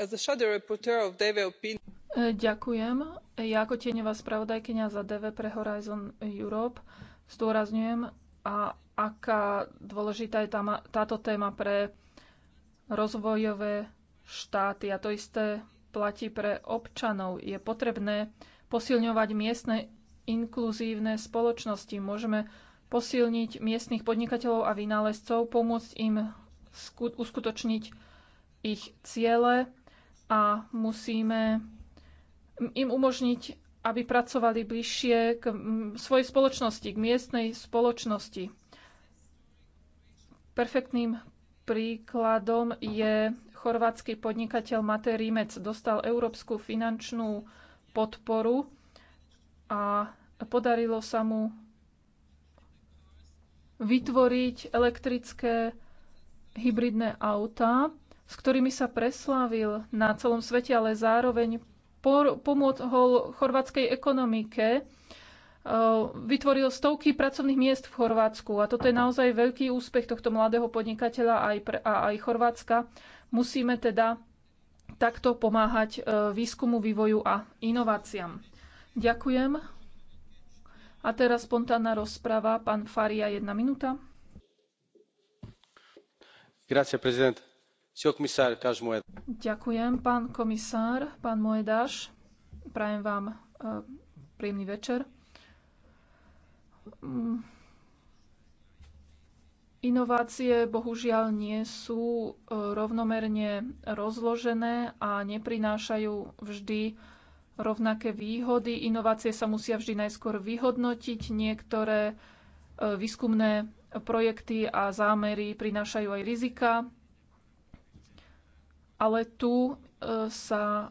ďakujem. E, ja ako tieňová spravodajkynia za DV pre Horizon Europe zdôrazňujem, a aká dôležitá je tam, táto téma pre rozvojové štáty. A to isté platí pre občanov. Je potrebné posilňovať miestne inkluzívne spoločnosti. Môžeme posilniť miestnych podnikateľov a vynálezcov, pomôcť im uskutočniť ich ciele a musíme im umožniť, aby pracovali bližšie k svojej spoločnosti, k miestnej spoločnosti. Perfektným príkladom je chorvátsky podnikateľ Matej Rímec. Dostal európsku finančnú podporu a podarilo sa mu vytvoriť elektrické hybridné autá s ktorými sa preslávil na celom svete, ale zároveň pomohol chorvátskej ekonomike, e, vytvoril stovky pracovných miest v Chorvátsku a toto je naozaj veľký úspech tohto mladého podnikateľa aj pre, a aj Chorvátska. Musíme teda takto pomáhať e, výskumu, vývoju a inováciám. Ďakujem. A teraz spontánna rozprava. Pán Faria, jedna minúta. Grazie, prezident Ďakujem, pán komisár, pán Moedáš. Prajem vám eh, príjemný večer. Mm. Inovácie bohužiaľ nie sú eh, rovnomerne rozložené a neprinášajú vždy rovnaké výhody. Inovácie sa musia vždy najskôr vyhodnotiť. Niektoré eh, výskumné projekty a zámery prinášajú aj rizika ale tu e, sa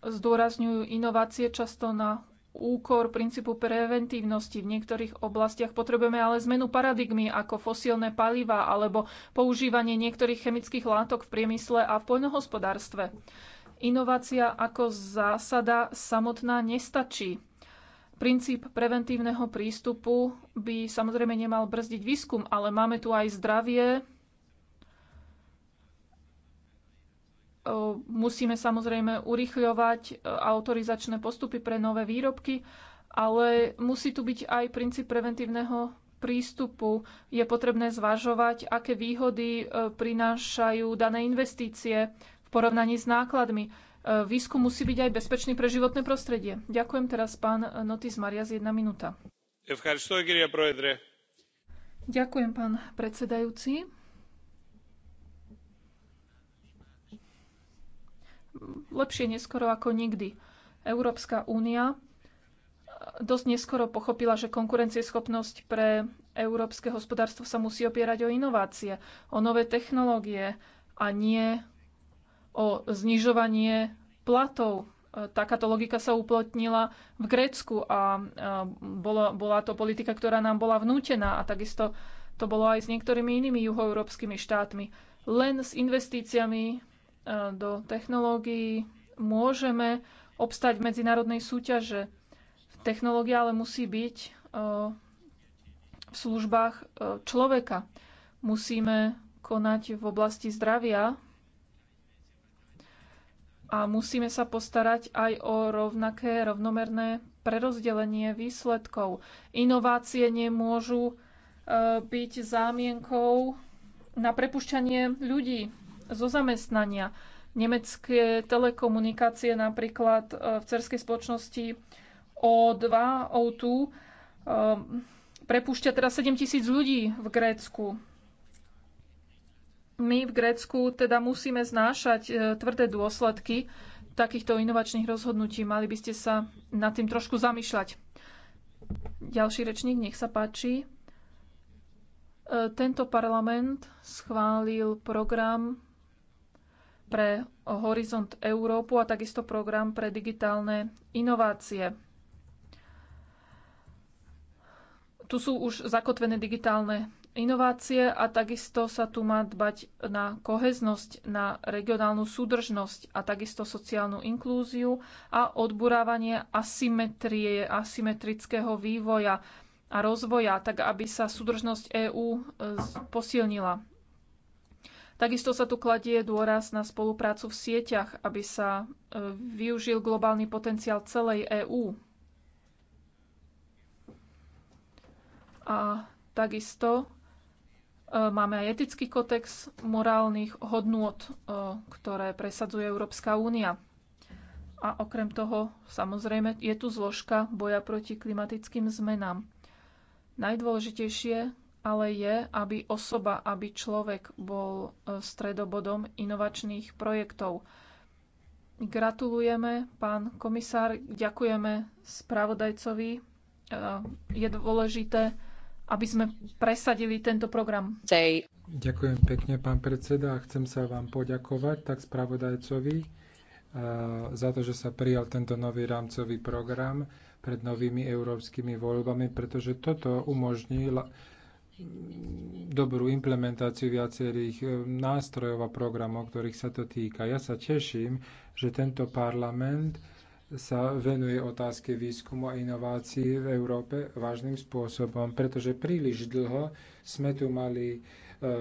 zdôrazňujú inovácie často na úkor princípu preventívnosti. V niektorých oblastiach potrebujeme ale zmenu paradigmy ako fosílne paliva alebo používanie niektorých chemických látok v priemysle a v poľnohospodárstve. Inovácia ako zásada samotná nestačí. Princíp preventívneho prístupu by samozrejme nemal brzdiť výskum, ale máme tu aj zdravie, Musíme samozrejme urychľovať e, autorizačné postupy pre nové výrobky, ale musí tu byť aj princíp preventívneho prístupu. Je potrebné zvažovať, aké výhody e, prinášajú dané investície v porovnaní s nákladmi. E, výskum musí byť aj bezpečný pre životné prostredie. Ďakujem teraz pán Notis z jedna minúta. Ďakujem, pán predsedajúci. lepšie neskoro ako nikdy. Európska únia dosť neskoro pochopila, že konkurencieschopnosť pre európske hospodárstvo sa musí opierať o inovácie, o nové technológie a nie o znižovanie platov. E, takáto logika sa uplotnila v Grécku a e, bola, bola to politika, ktorá nám bola vnútená a takisto to bolo aj s niektorými inými juhoeurópskymi štátmi. Len s investíciami E, do technológií, môžeme obstať v medzinárodnej súťaže. Technológia ale musí byť e, v službách e, človeka. Musíme konať v oblasti zdravia a musíme sa postarať aj o rovnaké, rovnomerné prerozdelenie výsledkov. Inovácie nemôžu byť zámienkou na prepušťanie ľudí zo zamestnania. Nemecké telekomunikácie napríklad e, v cerskej spoločnosti O2, O2 e, prepúšťa teraz 7 tisíc ľudí v Grécku. My v Grécku teda musíme znášať e, tvrdé dôsledky takýchto inovačných rozhodnutí. Mali by ste sa nad tým trošku zamýšľať. Ďalší rečník, nech sa páči. Tento parlament schválil program pre Horizont Európu a takisto program pre digitálne inovácie. Tu sú už zakotvené digitálne inovácie a takisto sa tu má dbať na koheznosť, na regionálnu súdržnosť a takisto sociálnu inklúziu a odburávanie asymetrie, asymetrického vývoja a rozvoja, tak aby sa súdržnosť EÚ e, posilnila. Takisto sa tu kladie dôraz na spoluprácu v sieťach, aby sa e, využil globálny potenciál celej EÚ. A takisto e, máme aj etický kotex morálnych hodnôt, e, ktoré presadzuje Európska únia. A okrem toho, samozrejme, je tu zložka boja proti klimatickým zmenám. Najdôležitejšie ale je, aby osoba, aby človek bol e, stredobodom inovačných projektov. Gratulujeme, pán komisár, ďakujeme spravodajcovi. E, je dôležité, aby sme presadili tento program. Ďakujem pekne, pán predseda, a chcem sa vám poďakovať, tak spravodajcovi, e, za to, že sa prijal tento nový rámcový program pred novými európskymi voľbami, pretože toto umožní dobrú implementáciu viacerých e, nástrojov a programov, ktorých sa to týka. Ja sa teším, že tento parlament sa venuje otázke výskumu a inovácií v Európe vážnym spôsobom, pretože príliš dlho sme tu mali e,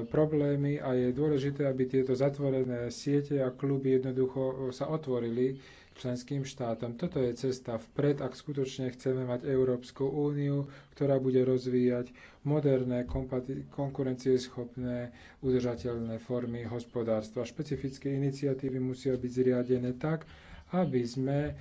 problémy a je dôležité, aby tieto zatvorené siete a kluby jednoducho sa otvorili členským štátom. Toto je cesta vpred, ak skutočne chceme mať Európsku úniu, ktorá bude rozvíjať moderné, konkurencieschopné, udržateľné formy hospodárstva. Špecifické iniciatívy musia byť zriadené tak, aby sme e,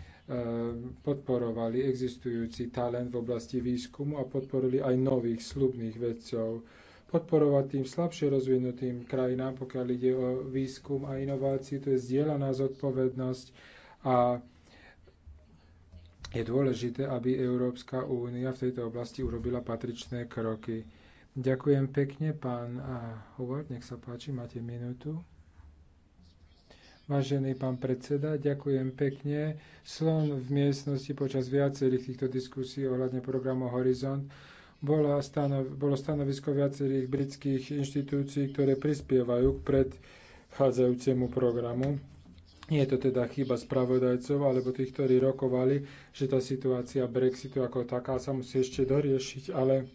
podporovali existujúci talent v oblasti výskumu a podporili aj nových slubných vedcov. Podporovať tým slabšie rozvinutým krajinám, pokiaľ ide o výskum a inováciu, to je zdieľaná zodpovednosť a je dôležité, aby Európska únia v tejto oblasti urobila patričné kroky. Ďakujem pekne, pán Howard, nech sa páči, máte minútu. Vážený pán predseda, ďakujem pekne. Slon v miestnosti počas viacerých týchto diskusí ohľadne programu Horizont bolo, stanov, bolo stanovisko viacerých britských inštitúcií, ktoré prispievajú k predchádzajúcemu programu nie je to teda chyba spravodajcov alebo tých, ktorí rokovali, že tá situácia Brexitu ako taká sa musí ešte doriešiť, ale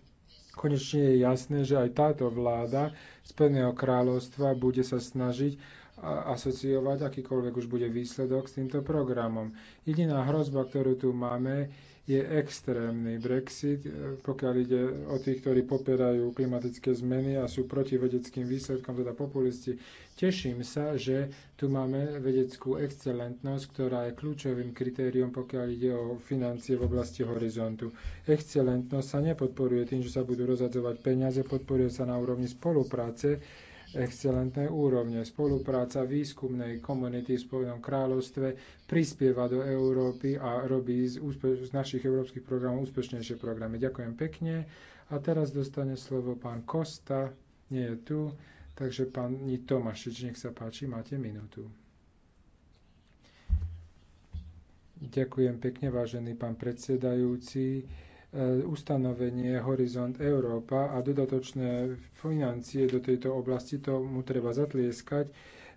konečne je jasné, že aj táto vláda Spojeného kráľovstva bude sa snažiť asociovať akýkoľvek už bude výsledok s týmto programom. Jediná hrozba, ktorú tu máme, je extrémny Brexit, e, pokiaľ ide o tých, ktorí popierajú klimatické zmeny a sú proti vedeckým výsledkom, teda populisti. Teším sa, že tu máme vedeckú excelentnosť, ktorá je kľúčovým kritériom, pokiaľ ide o financie v oblasti horizontu. Excelentnosť sa nepodporuje tým, že sa budú rozhadzovať peniaze, podporuje sa na úrovni spolupráce excelentnej úrovne. Spolupráca výskumnej komunity v Spojenom kráľovstve prispieva do Európy a robí z, z našich európskych programov úspešnejšie programy. Ďakujem pekne. A teraz dostane slovo pán Kosta, nie je tu, takže pani Tomašič, nech sa páči, máte minútu. Ďakujem pekne, vážený pán predsedajúci. E, ustanovenie Horizont Európa a dodatočné financie do tejto oblasti, tomu treba zatlieskať.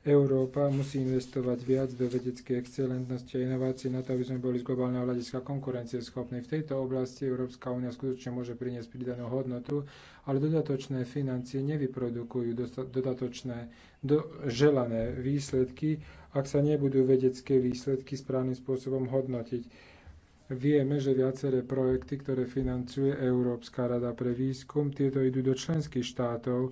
Európa musí investovať viac do vedeckej excelentnosti a inovácií na to, aby sme boli z globálneho hľadiska konkurencieschopní. V tejto oblasti Európska únia skutočne môže priniesť pridanú hodnotu, ale dodatočné financie nevyprodukujú dodatočné do, želané výsledky, ak sa nebudú vedecké výsledky správnym spôsobom hodnotiť Vieme, že viaceré projekty, ktoré financuje Európska rada pre výskum, tieto idú do členských štátov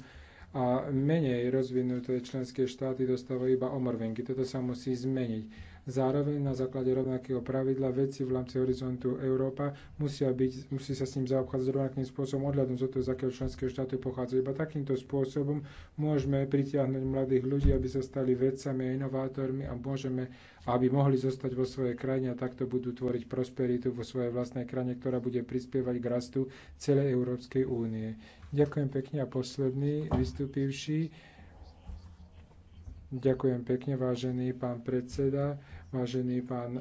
a menej rozvinuté členské štáty dostávajú iba omrvenky. Toto sa musí zmeniť Zároveň na základe rovnakého pravidla veci v rámci horizontu Európa musia byť, musí sa s ním zaobchádzať rovnakým spôsobom odhľadom od toho, z akého členského štátu pochádza. Iba takýmto spôsobom môžeme pritiahnuť mladých ľudí, aby sa stali vedcami a inovátormi a môžeme, aby mohli zostať vo svojej krajine a takto budú tvoriť prosperitu vo svojej vlastnej krajine, ktorá bude prispievať k rastu celej Európskej únie. Ďakujem pekne a posledný vystúpivší Ďakujem pekne, vážený pán predseda, vážený pán e,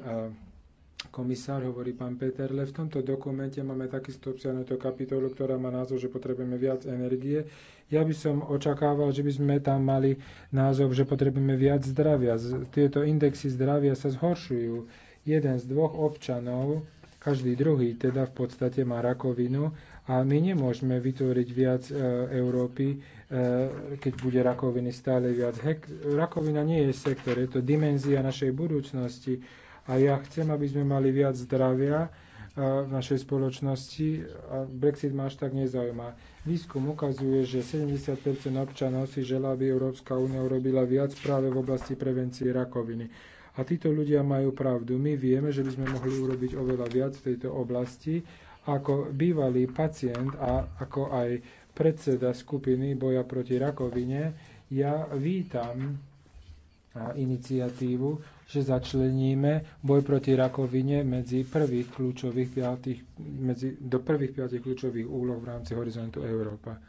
komisár, hovorí pán Peterle. V tomto dokumente máme takisto obsiahnutú kapitolu, ktorá má názov, že potrebujeme viac energie. Ja by som očakával, že by sme tam mali názov, že potrebujeme viac zdravia. Tieto indexy zdravia sa zhoršujú. Jeden z dvoch občanov, každý druhý teda v podstate má rakovinu a my nemôžeme vytvoriť viac e, Európy, e, keď bude rakoviny stále viac. rakovina nie je sektor, je to dimenzia našej budúcnosti. A ja chcem, aby sme mali viac zdravia e, v našej spoločnosti. A Brexit ma až tak nezaujíma. Výskum ukazuje, že 70 občanov si želá, aby Európska únia urobila viac práve v oblasti prevencie rakoviny. A títo ľudia majú pravdu. My vieme, že by sme mohli urobiť oveľa viac v tejto oblasti ako bývalý pacient a ako aj predseda skupiny boja proti rakovine, ja vítam iniciatívu, že začleníme boj proti rakovine medzi prvých kľúčových piatých, medzi, do prvých piatých kľúčových úloh v rámci Horizontu Európa.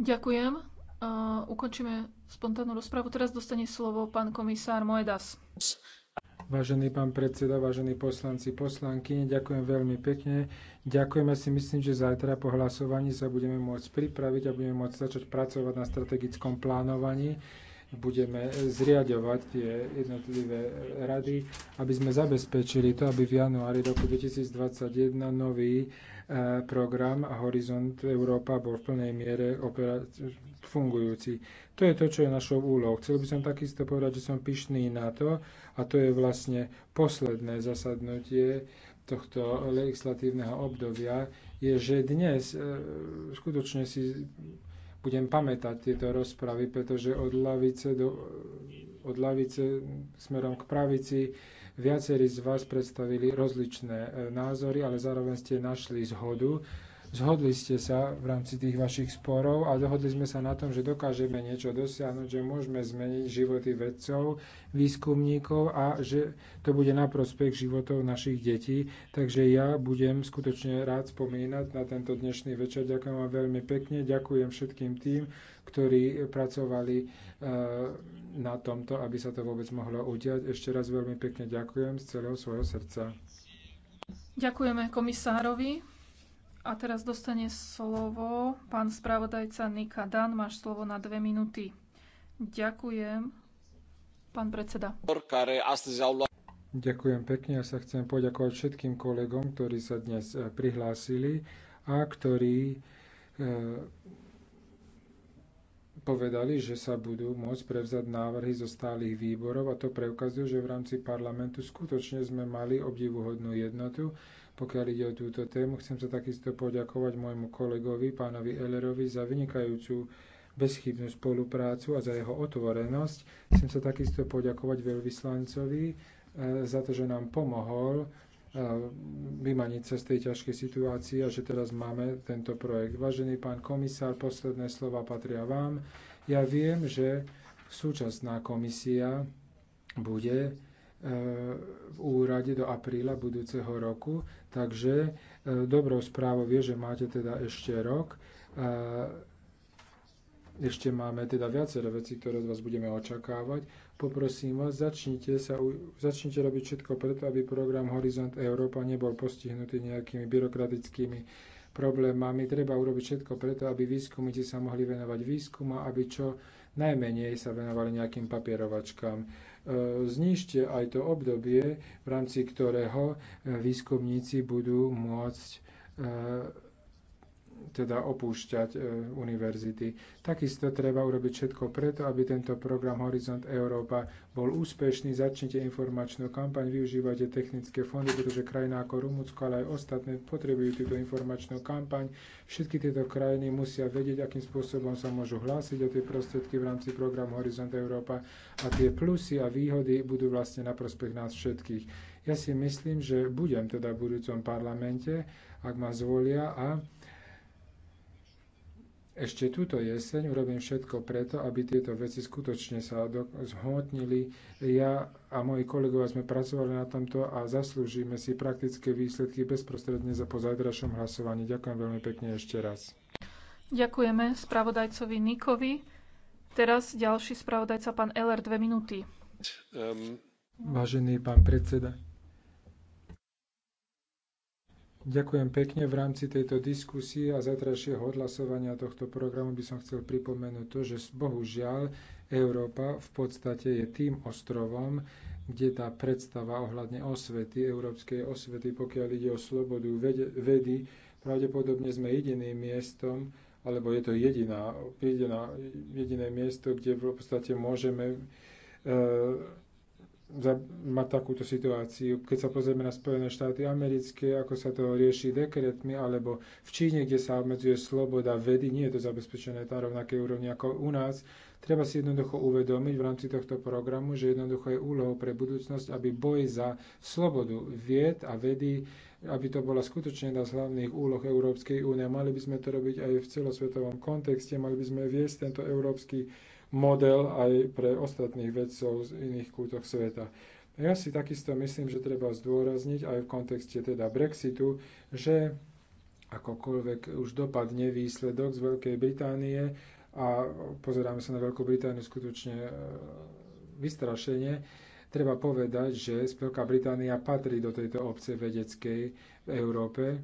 Ďakujem. Uh, ukončíme spontánnu rozpravu. Teraz dostane slovo pán komisár Moedas. Vážený pán predseda, vážení poslanci, poslanky, ďakujem veľmi pekne. Ďakujeme si, myslím, že zajtra po hlasovaní sa budeme môcť pripraviť a budeme môcť začať pracovať na strategickom plánovaní budeme zriadovať tie jednotlivé rady, aby sme zabezpečili to, aby v januári roku 2021 nový e, program Horizont Európa bol v plnej miere fungujúci. To je to, čo je našou úlohou. Chcel by som takisto povedať, že som pyšný na to, a to je vlastne posledné zasadnutie tohto legislatívneho obdobia, je, že dnes e, skutočne si budem pamätať tieto rozpravy, pretože od lavice, do, od lavice smerom k pravici viacerí z vás predstavili rozličné e, názory, ale zároveň ste našli zhodu Zhodli ste sa v rámci tých vašich sporov a dohodli sme sa na tom, že dokážeme niečo dosiahnuť, že môžeme zmeniť životy vedcov, výskumníkov a že to bude na prospech životov našich detí. Takže ja budem skutočne rád spomínať na tento dnešný večer. Ďakujem vám veľmi pekne, ďakujem všetkým tým, ktorí pracovali e, na tomto, aby sa to vôbec mohlo udiať. Ešte raz veľmi pekne ďakujem z celého svojho srdca. Ďakujeme komisárovi. A teraz dostane slovo pán spravodajca Nika Dan. Máš slovo na dve minúty. Ďakujem, pán predseda. Ďakujem pekne. Ja sa chcem poďakovať všetkým kolegom, ktorí sa dnes e, prihlásili a ktorí e, povedali, že sa budú môcť prevzať návrhy zo stálych výborov a to preukazuje, že v rámci parlamentu skutočne sme mali obdivuhodnú jednotu, pokiaľ ide o túto tému. Chcem sa takisto poďakovať môjmu kolegovi, pánovi Ellerovi, za vynikajúcu bezchybnú spoluprácu a za jeho otvorenosť. Chcem sa takisto poďakovať veľvyslancovi e, za to, že nám pomohol e, vymaniť sa z tej ťažkej situácie a že teraz máme tento projekt. Vážený pán komisár, posledné slova patria vám. Ja viem, že súčasná komisia bude v úrade do apríla budúceho roku, takže e, dobrou správou je, že máte teda ešte rok. E, ešte máme teda viacero vecí, ktoré od vás budeme očakávať. Poprosím vás, začnite, sa, začnite robiť všetko preto, aby program Horizont Európa nebol postihnutý nejakými byrokratickými problémami. Treba urobiť všetko preto, aby výskumníci sa mohli venovať výskumu, aby čo najmenej sa venovali nejakým papierovačkám znište aj to obdobie, v rámci ktorého výskumníci budú môcť teda opúšťať e, univerzity. Takisto treba urobiť všetko preto, aby tento program Horizont Európa bol úspešný. Začnite informačnú kampaň, využívajte technické fondy, pretože krajina ako Rumunsko, ale aj ostatné potrebujú túto informačnú kampaň. Všetky tieto krajiny musia vedieť, akým spôsobom sa môžu hlásiť o tie prostriedky v rámci programu Horizont Európa a tie plusy a výhody budú vlastne na prospech nás všetkých. Ja si myslím, že budem teda v budúcom parlamente, ak ma zvolia a ešte túto jeseň urobím všetko preto, aby tieto veci skutočne sa zhmotnili. Ja a moji kolegovia sme pracovali na tomto a zaslúžime si praktické výsledky bezprostredne za po zajtrašom hlasovaní. Ďakujem veľmi pekne ešte raz. Ďakujeme spravodajcovi Nikovi. Teraz ďalší spravodajca, pán Eller, dve minúty. Um... Vážený pán predseda, Ďakujem pekne. V rámci tejto diskusie a zatrašieho odhlasovania tohto programu by som chcel pripomenúť to, že bohužiaľ Európa v podstate je tým ostrovom, kde tá predstava ohľadne osvety, európskej osvety, pokiaľ ide o slobodu vedy, pravdepodobne sme jediným miestom, alebo je to jediná, jediná, jediné miesto, kde v podstate môžeme e, mať takúto situáciu. Keď sa pozrieme na Spojené štáty americké, ako sa to rieši dekretmi, alebo v Číne, kde sa obmedzuje sloboda vedy, nie je to zabezpečené na rovnakej úrovni ako u nás, treba si jednoducho uvedomiť v rámci tohto programu, že jednoducho je úlohou pre budúcnosť, aby boj za slobodu vied a vedy aby to bola skutočne jedna z hlavných úloh Európskej únie. Mali by sme to robiť aj v celosvetovom kontexte, mali by sme viesť tento európsky model aj pre ostatných vedcov z iných kútoch sveta. Ja si takisto myslím, že treba zdôrazniť aj v kontexte teda Brexitu, že akokoľvek už dopadne výsledok z Veľkej Británie a pozeráme sa na Veľkú Britániu skutočne e, vystrašenie, treba povedať, že Veľká Británia patrí do tejto obce vedeckej v Európe,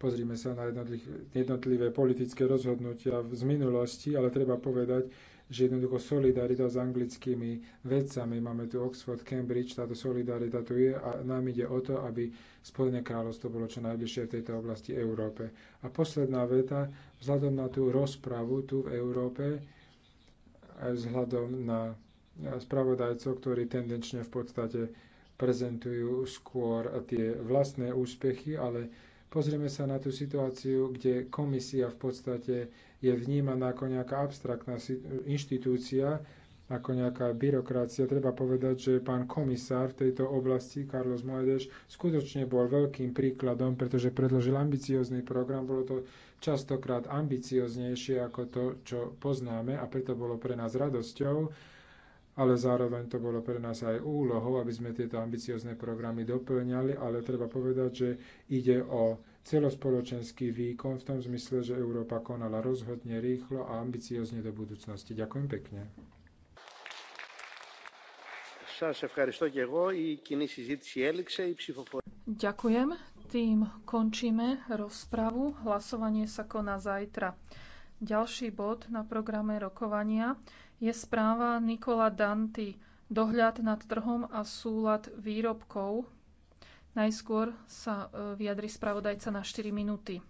Pozrime sa na jednotlivé politické rozhodnutia z minulosti, ale treba povedať, že jednoducho solidarita s anglickými vedcami, máme tu Oxford, Cambridge, táto solidarita tu je a nám ide o to, aby Spojené kráľovstvo bolo čo najbližšie v tejto oblasti Európe. A posledná veta, vzhľadom na tú rozpravu tu v Európe, aj vzhľadom na spravodajcov, ktorí tendenčne v podstate prezentujú skôr tie vlastné úspechy, ale Pozrieme sa na tú situáciu, kde komisia v podstate je vnímaná ako nejaká abstraktná inštitúcia, ako nejaká byrokracia. Treba povedať, že pán komisár v tejto oblasti, Carlos Moedeš, skutočne bol veľkým príkladom, pretože predložil ambiciózny program. Bolo to častokrát ambicioznejšie ako to, čo poznáme a preto bolo pre nás radosťou ale zároveň to bolo pre nás aj úlohou, aby sme tieto ambiciozne programy doplňali, ale treba povedať, že ide o celospoločenský výkon v tom zmysle, že Európa konala rozhodne rýchlo a ambiciozne do budúcnosti. Ďakujem pekne. Ďakujem. Tým končíme rozpravu. Hlasovanie sa koná zajtra. Ďalší bod na programe rokovania je správa Nikola Danti Dohľad nad trhom a súlad výrobkov. Najskôr sa e, vyjadri spravodajca na štyri minúty.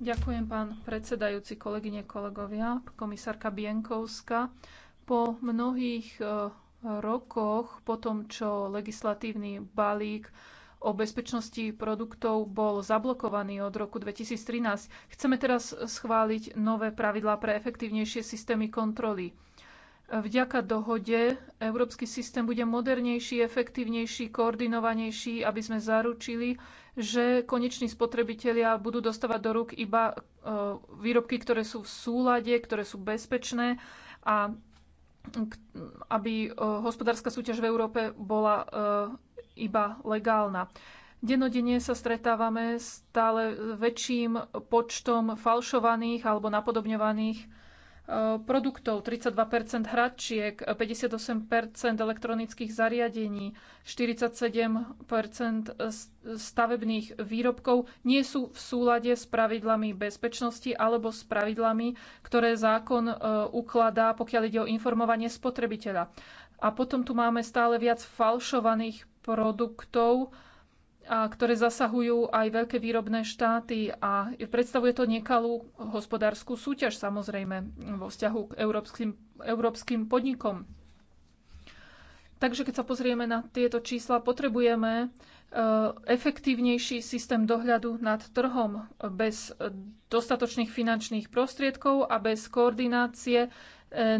Ďakujem, pán predsedajúci, kolegyne, kolegovia, komisárka Bienkovská. Po mnohých e, rokoch, po tom, čo legislatívny balík o bezpečnosti produktov bol zablokovaný od roku 2013. Chceme teraz schváliť nové pravidlá pre efektívnejšie systémy kontroly. Vďaka dohode európsky systém bude modernejší, efektívnejší, koordinovanejší, aby sme zaručili, že koneční spotrebitelia budú dostávať do rúk iba e, výrobky, ktoré sú v súlade, ktoré sú bezpečné a aby e, hospodárska súťaž v Európe bola e, iba legálna. Denodene sa stretávame stále väčším počtom falšovaných alebo napodobňovaných e, produktov, 32 hračiek, 58 elektronických zariadení, 47 stavebných výrobkov nie sú v súlade s pravidlami bezpečnosti alebo s pravidlami, ktoré zákon e, ukladá, pokiaľ ide o informovanie spotrebiteľa. A potom tu máme stále viac falšovaných produktov, a ktoré zasahujú aj veľké výrobné štáty a predstavuje to nekalú hospodárskú súťaž samozrejme vo vzťahu k európskym, európskym podnikom. Takže keď sa pozrieme na tieto čísla, potrebujeme e, efektívnejší systém dohľadu nad trhom bez dostatočných finančných prostriedkov a bez koordinácie e,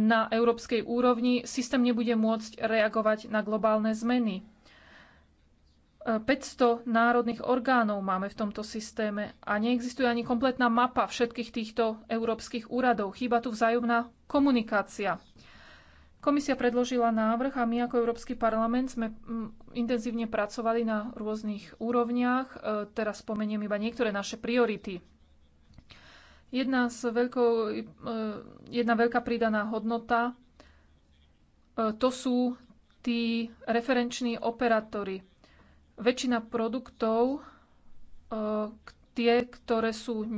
na európskej úrovni systém nebude môcť reagovať na globálne zmeny. 500 národných orgánov máme v tomto systéme a neexistuje ani kompletná mapa všetkých týchto európskych úradov. Chýba tu vzájomná komunikácia. Komisia predložila návrh a my ako Európsky parlament sme mm, intenzívne pracovali na rôznych úrovniach. E, teraz spomeniem iba niektoré naše priority. Jedna, z veľkou, e, jedna veľká pridaná hodnota e, to sú tí referenční operátory väčšina produktov, eh, tie, ktoré sú